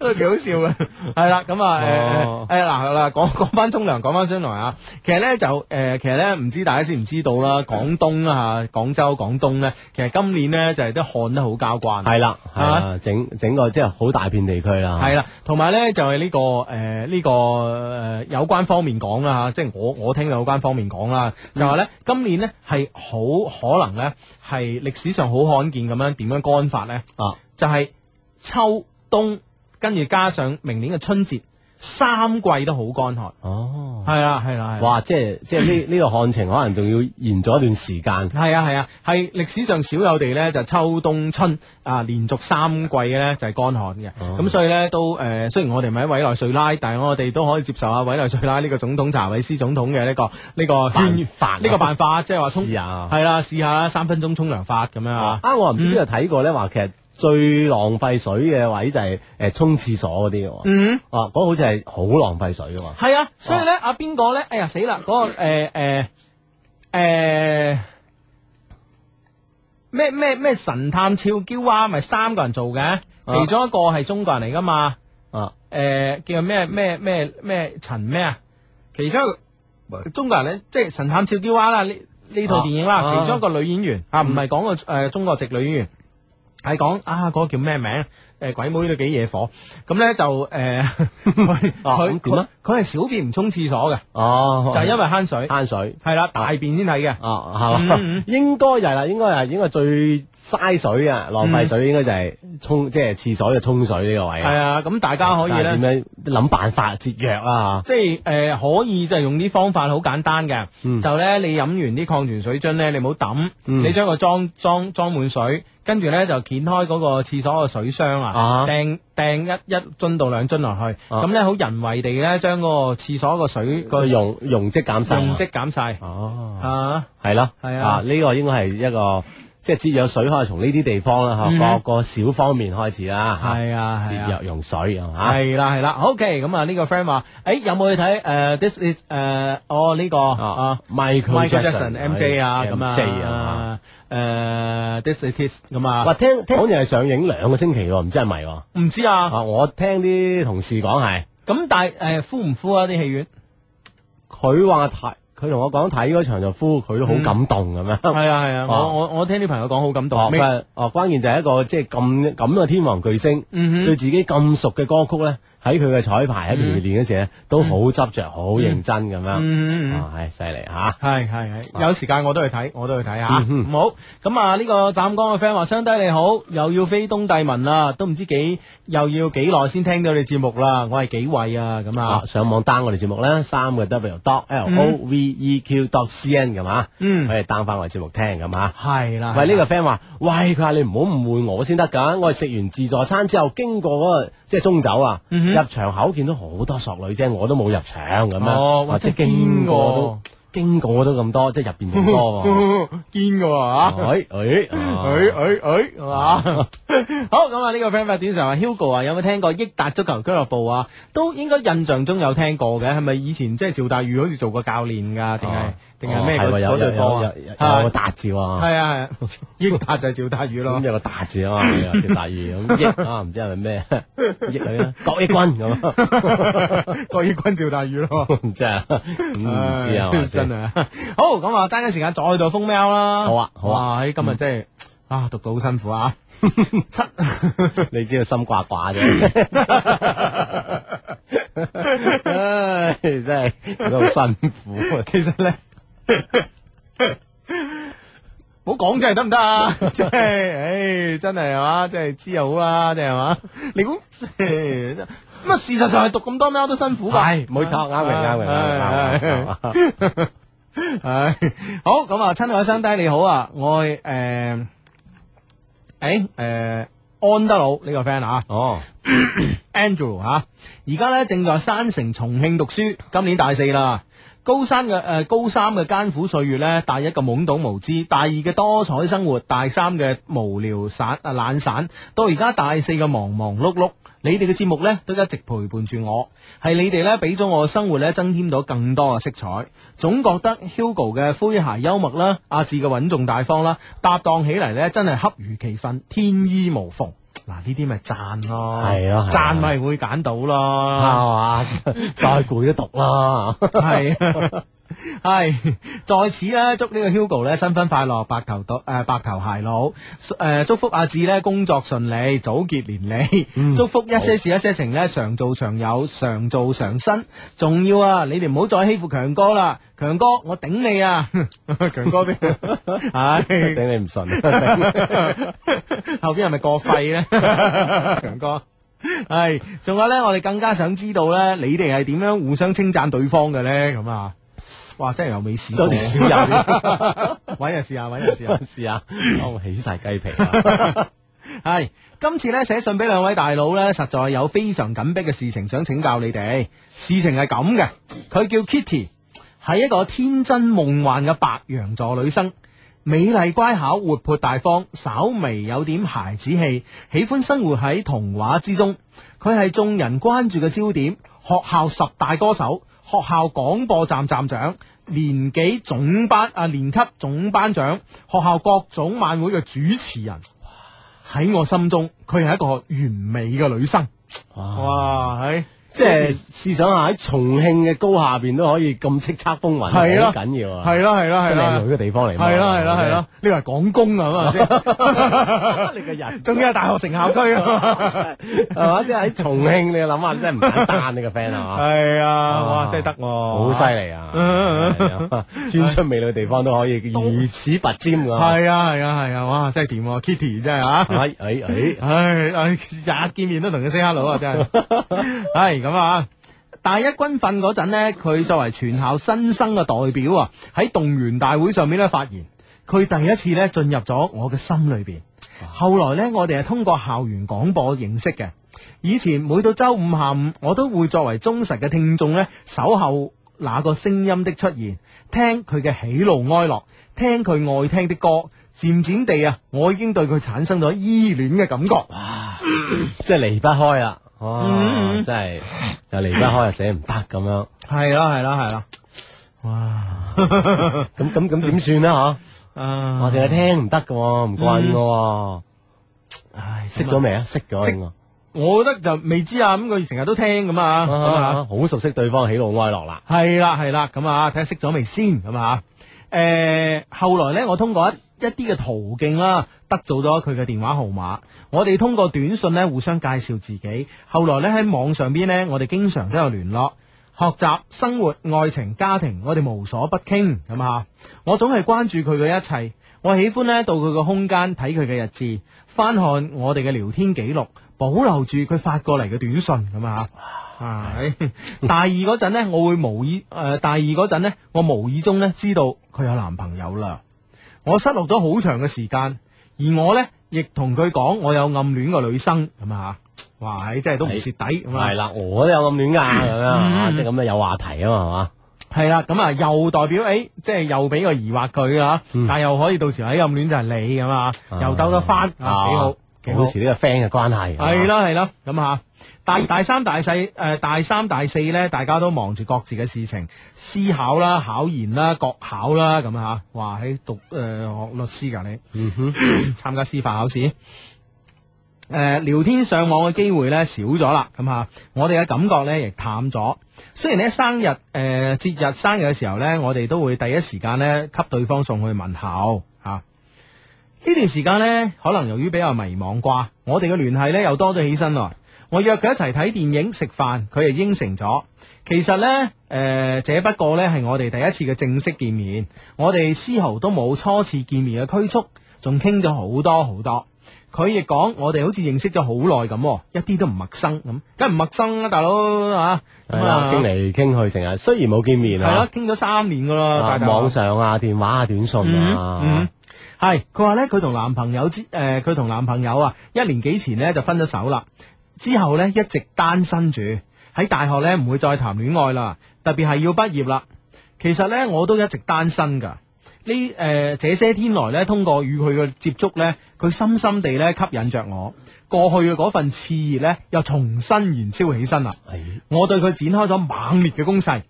都幾 好笑嘅， 係啦咁啊，誒誒、哦欸，嗱嗱，講講翻沖涼，講翻將來啊。其實咧就誒，其實咧唔知大家知唔知道啦，廣東啊，吓，廣州、廣東咧、啊，其實今年咧就係都旱得好交關，係啦，係啊的，整整個即係好大片地區啦，係啦，同埋咧就係、是、呢、這個誒呢、呃這個誒有關方面講啦吓，即係我我聽有關方面講啦，就話、是、咧、嗯、今年呢，係好可能咧係歷史上好罕見咁樣點樣乾法咧啊，就係秋。冬跟住加上明年嘅春節，三季都好乾旱。哦，係啊，係啦，哇，即係即係呢呢個旱情可能仲要延續一段時間。係啊，係啊，係歷史上少有地呢，就秋冬春啊連續三季嘅呢就係乾旱嘅。咁所以呢，都誒，雖然我哋唔係喺委內瑞拉，但係我哋都可以接受下委內瑞拉呢個總統查韋斯總統嘅呢個呢個呢個辦法，即係話係啦，試下三分鐘沖涼法咁樣啊！我唔知邊度睇過呢話劇。最浪費水嘅位就係誒沖廁所嗰啲喎，嗯、啊嗰、嗰個、好似係好浪費水噶嘛，係啊，所以咧阿邊個咧，哎呀死啦，嗰、嗰個誒誒誒咩咩咩神探俏嬌娃咪三個人做嘅，其中一個係中國人嚟噶嘛，啊誒叫咩咩咩咩陳咩啊，其中一個中國人咧即係神探俏嬌娃啦，呢呢套電影啦，其中一個女演員啊唔係講個誒中國籍女演員。嗯嗯係講啊，嗰個叫咩名？誒，鬼妹都幾惹火。咁咧就誒，佢佢佢係小便唔沖廁所嘅。哦，就係因為慳水慳水係啦，大便先睇嘅。哦，係嘛，應該係啦，應該係應該最嘥水啊，浪費水，應該就係沖即係廁所嘅沖水呢個位。係啊，咁大家可以咧點樣諗辦法節約啊？即係誒，可以就係用啲方法好簡單嘅。就咧你飲完啲礦泉水樽咧，你唔好抌，你將個裝裝裝滿水。跟住咧就掀開嗰個廁所個水箱啊，掟掟一一樽到兩樽落去，咁咧好人為地咧將個廁所個水、啊、個容容積減曬，容積減曬哦。吓係啦，係啊呢、啊啊、個應該係一個。即係節約水，可以從呢啲地方啦，各個小方面開始啦。係啊，節約用水係嘛。係啦係啦，OK。咁啊，呢個 friend 話，誒，有冇去睇誒？This is 誒，哦呢個啊，Michael Jackson M J 啊，咁啊，誒，This is 咁啊。話聽，聽，好似係上映兩個星期喎，唔知係咪？唔知啊。我聽啲同事講係。咁但係誒，敷唔敷啊？啲戲院，佢話太。佢同我講睇嗰場就呼，佢都好感動咁樣。係、嗯、啊係啊，我、哦、我我聽啲朋友講好感動動。哦，麼哦，關鍵就係一個即係咁咁嘅天王巨星，嗯、哼對自己咁熟嘅歌曲咧。喺佢嘅彩排喺度練嗰時咧，都好執着，好認真咁樣，係犀利吓，係係係，有時間我都去睇，我都去睇吓。好，咁啊呢個湛江嘅 friend 話：，兄弟你好，又要飛東帝汶啦，都唔知幾又要幾耐先聽到你節目啦。我係幾位啊，咁啊，上網 down 我哋節目咧，三個 w dot l o v e q dot c n 咁啊，嗯，可以 down 翻我哋節目聽咁啊，係啦，喂呢個 friend 話：，喂，佢話你唔好誤會我先得噶，我係食完自助餐之後經過嗰個即係中酒啊。入場口見到好多索女啫，我都冇入場咁樣、哦，或者經過都經過都咁多，即係入邊人多，見噶啊。哎哎哎哎哎係嘛？哎、好咁啊！呢個 friend 發短信話，Hugo 啊，有冇聽過益達足球俱樂部啊？都應該印象中有聽過嘅，係咪以前即係趙大宇好似做過教練噶，定係、哦？定係咩？有有有個達字喎，係啊係，益達就係趙大宇咯。咁有個達字啊嘛，趙大宇咁益啊，唔知係咪咩益啊？郭益軍咁郭益軍趙大宇咯，唔知啊，唔知啊，真係好咁啊！爭緊時間，再讀封 mail 啦。好啊好啊，今日真係啊讀到好辛苦啊，七，你知道心掛掛啫。唉，真係好辛苦啊，其實咧。唔好講真係得唔得啊？即 係，誒、哎，真係係嘛？即係知又好啦，即係係嘛？你估咁啊？事實上係讀咁多貓都辛苦噶，係冇錯，啱明啱明啱係好，咁、嗯、啊，親愛嘅兄弟你好啊，我誒，誒、欸，誒、欸欸，安德魯呢、這個 friend 啊，哦 ，Andrew 吓、啊，而家咧正在山城重慶讀書，今年大四啦。高，呃、高三嘅，誒高三嘅艱苦歲月咧，大一嘅懵懂無知，大二嘅多彩生活，大三嘅無聊散啊懶散，到而家大四嘅忙忙碌碌，你哋嘅節目咧都一直陪伴住我，係你哋咧俾咗我生活咧增添咗更多嘅色彩，總覺得 Hugo 嘅詼諧幽默啦，阿志嘅穩重大方啦，搭檔起嚟咧真係恰如其分，天衣無縫。嗱，呢啲咪讚咯，係咯、啊，讚咪、啊、會揀到咯，係嘛、啊啊，再攰都讀咯，係 啊。 係在此啦，祝呢個 Hugo 咧，新婚快樂，白頭到誒，白頭偕老。誒，祝福阿志咧，工作順利，早結連理。祝福一些事一些情咧，常做常有，常做常新。仲要啊！你哋唔好再欺負強哥啦，強哥我頂你啊！強哥邊頂你唔順，後邊係咪過肺咧？強哥係仲有咧？我哋更加想知道咧，你哋係點樣互相稱讚對方嘅咧？咁啊？哇！真係有美食，就少有。搵人試下，搵人試下，試 下，我起晒雞皮。係 今次呢，寫信俾兩位大佬呢，實在有非常緊迫嘅事情想請教你哋。事情係咁嘅，佢叫 Kitty，係一個天真夢幻嘅白羊座女生，美麗乖巧，活潑大方，稍微有點孩子氣，喜歡生活喺童話之中。佢係眾人關注嘅焦點，學校十大歌手。學校廣播站站長、年級總班啊、年級總班長、學校各種晚會嘅主持人，喺哇我心中佢係一個完美嘅女生。哇！喺。即係試想下喺重慶嘅高下邊都可以咁叱咤風雲，好緊要啊！係啦係啦係，靚女嘅地方嚟，係啦係啦係啦，呢個係廣工啊嘛，即係你個人，仲有大學城校區，係嘛？即係喺重慶，你諗下真係唔簡單呢個 friend 啊嘛！係啊，哇，真係得，好犀利啊！專出美女地方都可以如此拔尖嘅，係啊係啊係啊，哇，真係掂啊！Kitty 真係啊，哎哎哎，日日見面都同佢 say hello 啊，真係，係。咁啊！大一軍訓嗰陣呢，佢作為全校新生嘅代表啊，喺動員大會上面咧發言。佢第一次咧進入咗我嘅心裏邊。後來呢，我哋係通過校園廣播認識嘅。以前每到周五下午，我都會作為忠實嘅聽眾呢，守候那個聲音的出現，聽佢嘅喜怒哀樂，聽佢愛聽的歌。漸漸地啊，我已經對佢產生咗依戀嘅感覺，即係離不開啊。哦，真係又離不開又寫唔得咁樣，係咯係咯係咯，哇！咁咁咁點算呢？嗬，我淨係聽唔得噶喎，唔慣噶喎，唉，識咗未啊？識咗，我覺得就未知啊！咁佢成日都聽咁啊，好熟悉對方喜怒哀樂啦。係啦係啦，咁啊睇下識咗未先咁啊？誒，後來咧我通過一啲嘅途徑啦、啊，得到咗佢嘅電話號碼。我哋通過短信呢互相介紹自己，後來呢，喺網上邊呢，我哋經常都有聯絡，學習、生活、愛情、家庭，我哋無所不傾咁吓！我總係關注佢嘅一切，我喜歡呢到佢嘅空間睇佢嘅日誌，翻看我哋嘅聊天記錄，保留住佢發過嚟嘅短信咁啊！啊，大二嗰陣呢，我會無意誒、呃，大二嗰陣呢，我無意中呢知道佢有男朋友啦。我失落咗好長嘅時間，而我咧亦同佢講我有暗戀個女生咁啊吓，哇！即真係都唔蝕底咁啊！係啦，我都有暗戀噶咁樣，即係咁啊有話題啊嘛，係嘛？係啦，咁啊又代表誒，即係又俾個疑惑佢啊，但係又可以到時喺暗戀就係你咁啊，又兜得翻，幾好幾好，保持呢個 friend 嘅關係。係啦係啦，咁吓。大大三大，呃、大三大四，誒大三大四咧，大家都忙住各自嘅事情，思考啦、考研啦、國考啦，咁嚇、啊。話喺讀誒、呃、學律師㗎你，參、嗯、加司法考試。誒、呃、聊天上網嘅機會咧少咗啦，咁嚇、啊、我哋嘅感覺咧亦淡咗。雖然咧生日誒節、呃、日生日嘅時候咧，我哋都會第一時間咧給對方送去問候嚇。呢、啊、段時間咧，可能由於比較迷茫啩，我哋嘅聯繫咧又多咗起身咯。我約佢一齊睇電影食飯，佢係應承咗。其實呢，誒、呃，這不過呢，係我哋第一次嘅正式見面，我哋絲毫都冇初次見面嘅拘束，仲傾咗好多好多。佢亦講我哋好似認識咗好耐咁，一啲都唔陌生咁，梗唔陌生啦、啊，大佬吓。係啊，傾嚟傾去成日，雖然冇見面、啊。係咯、啊，傾咗三年噶啦、啊，網上啊，電話啊，短信啊，係佢話呢，佢同男朋友之誒，佢、呃、同男朋友啊，一年幾前呢，就分咗手啦。之後呢，一直單身住喺大學呢，唔會再談戀愛啦，特別係要畢業啦。其實呢，我都一直單身㗎，呢誒這些天來呢，通過與佢嘅接觸呢，佢深深地呢，吸引着我，過去嘅嗰份熾熱呢，又重新燃燒起身啦。我對佢展開咗猛烈嘅攻勢，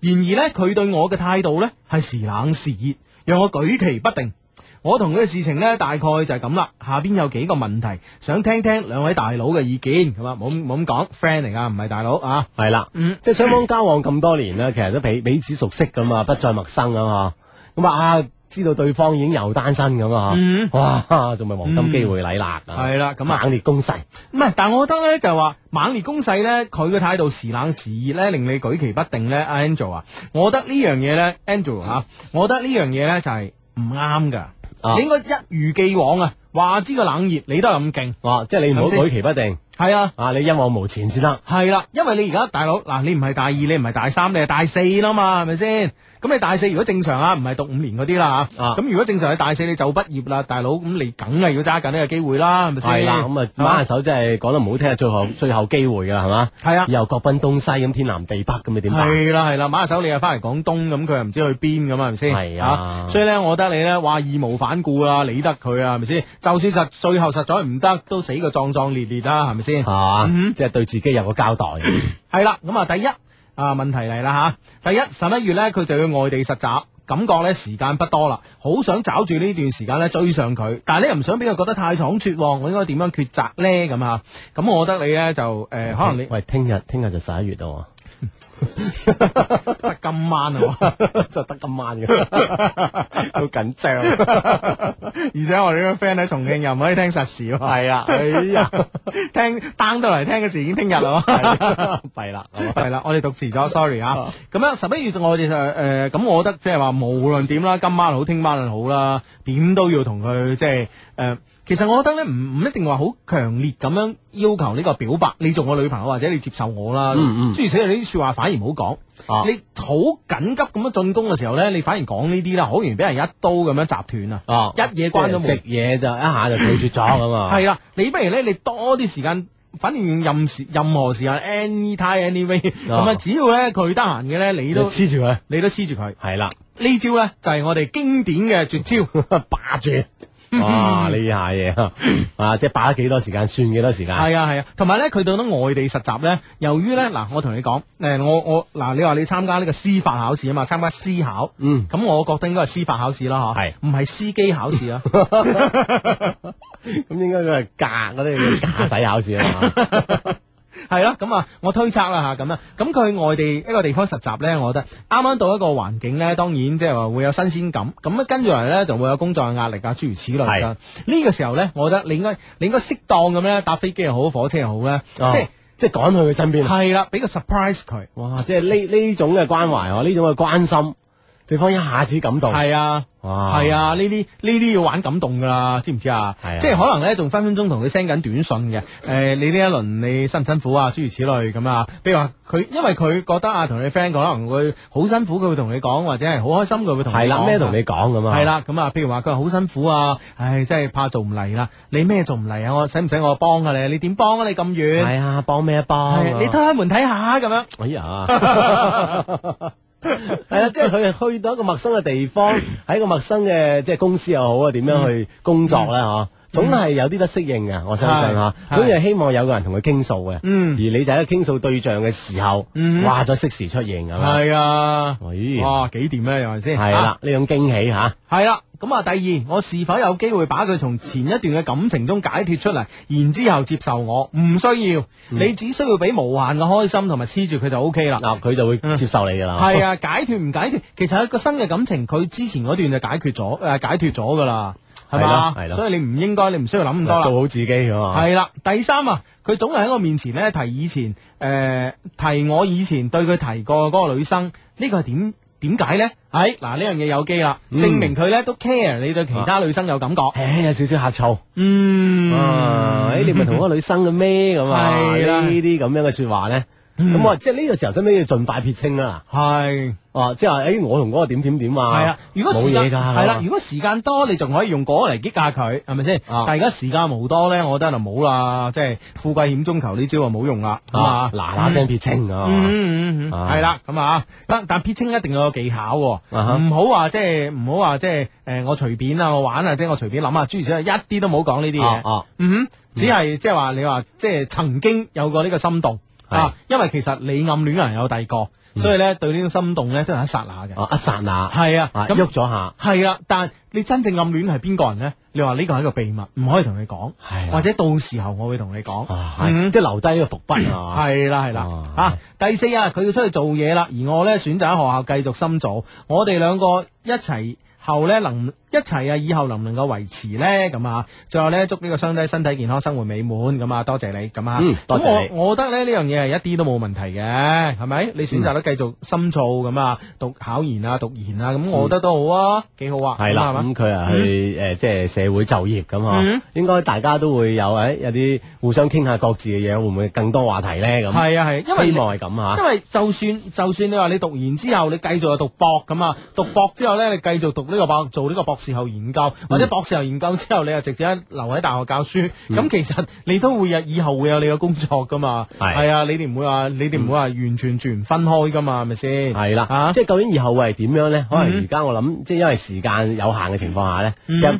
然而呢，佢對我嘅態度呢，係時冷時熱，讓我舉棋不定。我同佢嘅事情呢，大概就係咁啦。下邊有幾個問題，想聽聽兩位大佬嘅意見，咁啊，冇冇咁講，friend 嚟噶，唔係大佬啊。係啦，嗯，即係雙方交往咁多年啦，嗯、其實都彼彼此熟悉噶嘛，不再陌生啊嗬。咁啊，知道對方已經又單身咁啊哇，仲、啊、咪黃金機會禮啦，係啦、嗯，咁、啊啊、猛烈攻勢，唔係，但係我覺得呢，就係話猛烈攻勢呢，佢嘅態度時冷時熱呢，令你舉棋不定咧。Angel 啊，我覺得呢樣嘢呢 Angel 吓，我覺得呢樣嘢呢，就係唔啱噶。啊、你應該一如既往啊，話之個冷熱，你都係咁勁。哇，即係你唔好舉棋不定，係啊，啊你一往無前先得。係啦，因為你而家大佬，嗱，你唔係大二，你唔係大三，你係大四啦嘛，係咪先？咁你大四如果正常啊，唔係讀五年嗰啲啦嚇。咁、啊、如果正常你大四你就畢業啦，大佬，咁你梗係要揸緊呢個機會啦，係咪先？係啦，咁啊，搵下手真係講得唔好聽，最，最後最後機會噶，係嘛？係啊，以後各奔東西，咁天南地北咁你點辦？係啦係啦，搵下手你又翻嚟廣東，咁佢又唔知去邊，咁啊，係咪先？係啊。所以咧，我覺得你咧話義無反顧啊，理得佢啊，係咪先？就算實最後實在唔得，都死個壯壯烈烈啦，係咪先？啊，即係對自己有個交代。係啦，咁 啊，第一。啊，問題嚟啦吓！第一，十一月呢，佢就要外地實習，感覺呢時間不多啦，好想找住呢段時間呢追上佢，但係你又唔想俾佢覺得太倉促，我應該點樣抉擇呢？咁啊？咁我覺得你呢，就誒，呃嗯、可能你喂，聽日聽日就十一月啦。得 今晚啊，就得今晚嘅，好緊張。而且我哋呢個 friend 喺重慶又唔可以聽實時，係啊， 哎呀，聽 down 到嚟聽嘅時已經聽日啦，弊啦，係啦 了、啊，我哋讀遲咗，sorry 啊。咁樣，十一月我哋就誒，咁、呃呃、我覺得即係話無論點啦，今晚好，聽晚好啦，點都要同佢即係誒。呃其實我覺得咧，唔唔一定話好強烈咁樣要求呢個表白，你做我女朋友或者你接受我啦。嗯嗯。諸如此類呢啲說話反而唔好講。啊。你好緊急咁樣進攻嘅時候咧，你反而講呢啲啦，好容易俾人一刀咁樣斬斷啊。一嘢關咗門。食嘢就一下就拒絕咗咁 啊。係啦，你不如咧，你多啲時間，反而任時任何時間 anytime anyway，咁啊，啊只要咧佢得閒嘅咧，你都黐住佢，你，你都黐住佢。係啦了，呢招咧就係我哋經典嘅絕招，霸住。哇！呢下嘢嚇啊，即係擺咗幾多時間算幾多時間？係啊，係啊，同埋咧，佢到咗外地實習咧，由於咧嗱，我同你講，誒、欸，我我嗱，你話你參加呢個司法考試啊嘛，參加司考，嗯，咁、嗯、我覺得應該係司法考試啦，吓是，係唔係司機考試啊？咁 應該佢係格嗰啲駕駛考試啊嘛。 係啦，咁啊，我推測啦吓，咁啊，咁佢去外地一個地方實習咧，我覺得啱啱到一個環境咧，當然即係話會有新鮮感，咁啊跟住嚟咧，就會有工作嘅壓力啊，諸如此類噶。呢的個時候咧，我覺得你應該你應該適當咁咧，搭飛機又好，火車又好咧，哦、即係是即係趕去佢身邊。係啦，俾個 surprise 佢，哇！即係呢呢種嘅關懷，呢種嘅關心。對方一下子感動，係啊，係哇啊，呢啲呢啲要玩感動噶啦，知唔知啊？係、啊，即係可能咧，仲分分鐘同你 send 緊短信嘅。誒、呃，你呢一輪你辛唔辛苦啊？諸如此類咁啊。譬如話佢，因為佢覺得啊，同你 friend 可能會好辛苦，佢會同你講，或者係好開心，佢會同你係啦，咩同你講咁啊？係啦，咁啊，譬如話佢好辛苦啊，唉，真係怕做唔嚟啦。你咩做唔嚟啊？我使唔使我幫啊你？你點幫啊？你咁遠係啊？幫咩幫？你推開門睇下咁樣。哎呀！ 係 啊，即係佢去到一個陌生嘅地方，喺 一個陌生嘅即係公司又好啊，點樣去工作咧？吓。 啊總係有啲得適應嘅，我相信、啊啊啊、所以係希望有個人同佢傾訴嘅，嗯、而你就喺傾訴對象嘅時候，哇、嗯，咗適時出現咁。係啊，哎、哇，幾掂咧，係咪先？係啦，呢種驚喜吓。係啦，咁啊，第二，我是否有機會把佢從前一段嘅感情中解脫出嚟，然之後接受我？唔需要，嗯、你只需要俾無限嘅開心同埋黐住佢就 OK 啦。嗱、嗯，佢、哦、就會接受你噶啦。係、嗯、啊，解脫唔解脫，其實一個新嘅感情，佢之前嗰段就解決咗，誒，解決咗噶啦。係嘛，所以你唔應該，你唔需要諗咁多，做好自己咁啊。係啦，第三啊，佢總係喺我面前咧提以前，誒、呃、提我以前對佢提過嗰個女生，這個、呢個係點點解咧？係嗱、哎，呢樣嘢有機啦，嗯、證明佢咧都 care 你對其他女生有感覺。誒、啊，有少少呷醋，嗯啊，你咪同嗰個女生嘅咩咁啊？話呢啲咁樣嘅説話咧。咁啊，即係呢個時候，使唔使要盡快撇清啊？係，哦，即係誒，我同嗰個點點點啊。係啊，如果時間係啦，如果時間多，你仲可以用嗰個嚟激價佢，係咪先？但係而家時間冇多咧，我覺得就冇啦。即係富貴險中求呢招就冇用啦，啊，嗱嗱聲撇清啊。嗯嗯嗯，係啦，咁啊，但但撇清一定有個技巧，唔好話即係唔好話即係誒，我隨便啊，我玩啊，即係我隨便諗啊，諸如此類，一啲都唔好講呢啲嘢。只係即係話你話即係曾經有過呢個心動。是啊，因為其實你暗戀嘅人有第二個，所以咧、嗯、對呢種心動咧都係一剎那嘅，一剎、哦、那係啊，喐咗那下係啊，但你真正暗戀係邊個人咧？你話呢個係一個秘密，唔可以同你講，啊、或者到時候我會同你講、啊嗯，即係留低呢個伏筆。係啦係啦，啊，啊，啊，啊，第四啊，佢要出去做嘢啦，而我咧選擇喺學校繼續深造，我哋兩個一齊後咧能。一齊啊！以後能唔能夠維持呢？咁啊，最後呢，祝呢個雙低身體健康，生活美滿。咁啊，多謝你。咁啊、嗯，多謝你。咁我、嗯，我覺得咧呢樣嘢係一啲都冇問題嘅，係咪？你選擇咧繼續深造咁啊，讀考研啊，讀研啊，咁我覺得都好啊，幾好、嗯嗯、啊。係啦、嗯，咁佢啊去誒，即係社會就業咁啊，嗯、應該大家都會有誒，有啲互相傾下各自嘅嘢，會唔會更多話題呢？咁係啊，係、啊，因為希望係咁吓。因為就算就算你話你讀完之後，你繼續啊讀博咁啊，讀博之後呢，你繼續讀呢個博，做呢個博。時候研究或者博士後研究之後，你又直接留喺大學教書，咁其實你都會有以後會有你嘅工作噶嘛，係啊，你哋唔會話你哋唔會話完全全唔分開噶嘛，係咪先？係啦，即係究竟以後會係點樣咧？可能而家我諗，即係因為時間有限嘅情況下咧，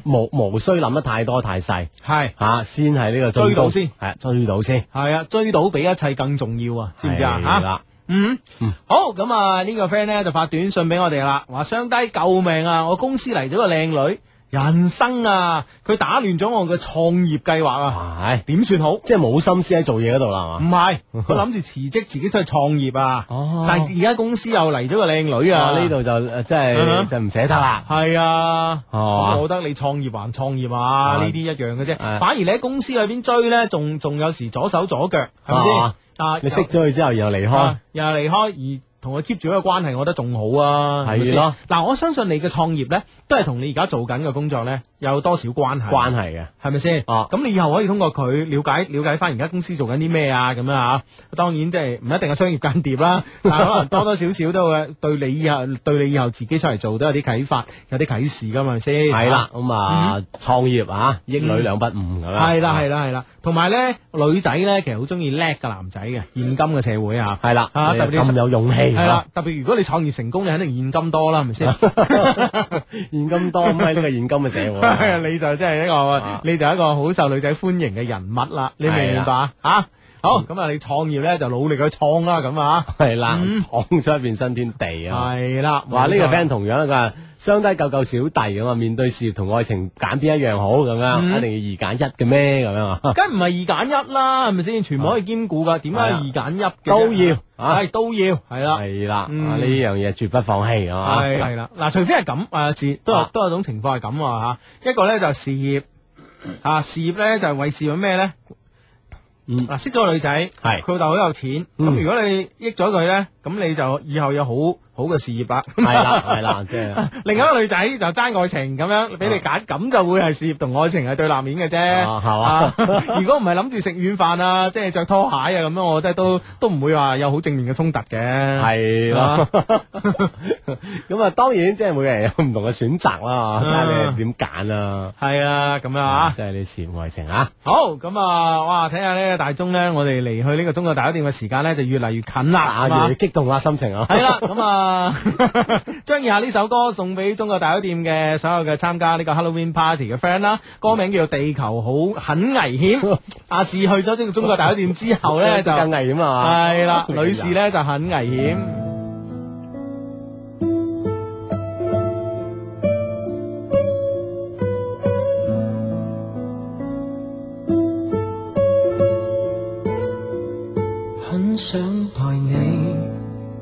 無無需諗得太多太細，係吓先係呢個追到先，係追到先，係啊，追到比一切更重要啊，知唔知啊？吓。Mm hmm. 嗯，好咁啊！這個、呢個 friend 咧就發短信俾我哋啦，話傷低救命啊！我公司嚟咗個靚女，人生啊，佢打亂咗我嘅創業計劃啊，係點是算好？即係冇心思喺做嘢嗰度啦嘛？唔係，我諗住辭職自己出去創業啊， 但係而家公司又嚟咗個靚女啊，呢度 就即係就唔、是、捨 得啦。係啊， 我覺得你創業還創業啊，呢啲 一樣嘅啫， 反而你喺公司裏邊追咧，仲仲有時左手左腳，係咪先？ 但你識咗佢之後又離開、啊，又離開，又離開而。同佢 keep 住一個關係，我覺得仲好啊，係咯。嗱，我相信你嘅創業咧，都係同你而家做緊嘅工作咧，有多少關係？關係嘅，係咪先？哦，咁你以後可以通過佢了解了解翻而家公司做緊啲咩啊？咁樣啊，當然即係唔一定係商業間諜啦，但可能多多少少都會對你以後對你以後自己出嚟做都有啲啟發，有啲啟示㗎嘛？先？係啦，咁啊，創業啊，鶏女兩不誤咁樣。係啦，係啦，係啦。同埋咧，女仔咧其實好中意叻嘅男仔嘅，現今嘅社會啊，係啦，嚇咁有勇氣。係啦，特別如果你創業成功，你肯定現金多啦，係咪先？現金多咁喺呢個現金嘅社會， 你就真係一個，啊、你就係一個好受女仔歡迎嘅人物啦，你明唔明白啊？啊好咁啊！你創業咧就努力去創啦，咁啊係啦，創出一片新天地啊！係啦，話呢個 friend 同樣啊，佢雙低救救小弟啊嘛，面對事業同愛情揀邊一樣好咁樣，一定要二揀一嘅咩咁樣啊？梗唔係二揀一啦，係咪先？全部可以兼顧噶，點解二揀一嘅？都要，係都要，係啦，係啦，呢樣嘢絕不放棄啊！係啦，嗱，除非係咁啊，字都有都有種情況係咁啊吓，一個咧就係事業啊，事業咧就係為事業咩咧？嗯，嗱、啊，識咗個女仔，係佢老豆好有錢，咁、嗯、如果你益咗佢咧？咁你就以後有好好嘅事業啊！係 啦，係啦，即係另一個女仔就爭愛情咁樣俾你揀，咁、啊、就會係事業同愛情係對立面嘅啫，係嘛、啊？啊、 如果唔係諗住食軟飯啊，即係着拖鞋啊咁樣，我覺得都都唔會話有好正面嘅衝突嘅。係囉的，咁啊 當然即係每個人有唔同嘅選擇啦，睇下你點揀啦。係啊，咁、啊、樣啊，即係、啊就是、你事業愛情啊。好咁啊，哇！睇下呢大鐘呢，我哋嚟去呢個中國大酒店嘅時間呢，就越嚟越近啦，啊越動下心情啊，係啦，咁啊，將以下呢首歌送俾中國大酒店嘅所有嘅參加呢個 Halloween party 嘅 friend 啦、啊，歌名叫《地球好很危險》。阿志、 啊、去咗呢個中國大酒店之後呢， 這就更危險險嘛、啊了，係啦，女士呢，的就很危險，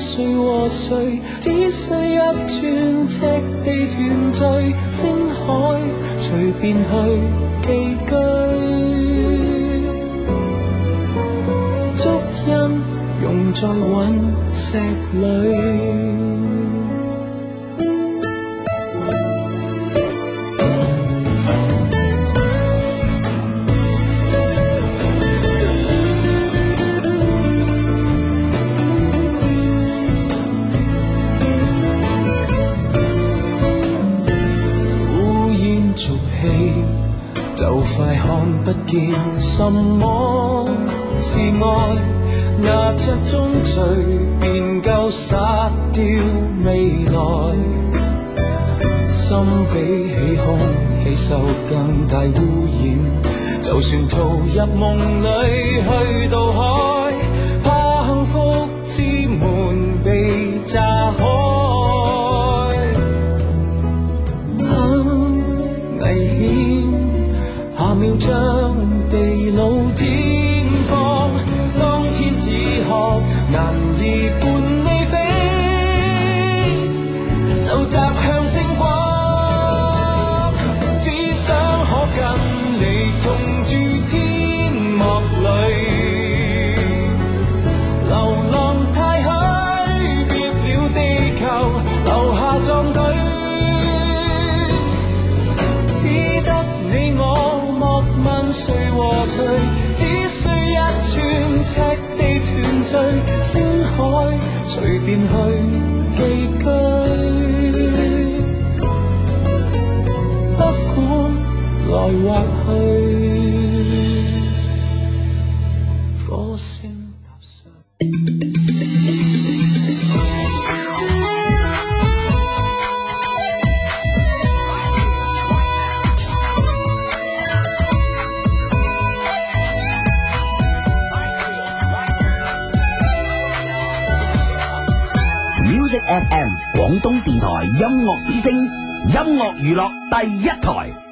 誰和誰只需一寸赤地團聚，星海隨便去寄居，足印融在隕石裏。不見什麼是愛，那七宗罪便夠殺掉未來。心比起空氣受更大污染，就算逃入夢裏去到海，怕幸福之門被炸開。星海，隨便去。音樂之聲，音樂娛樂第一台。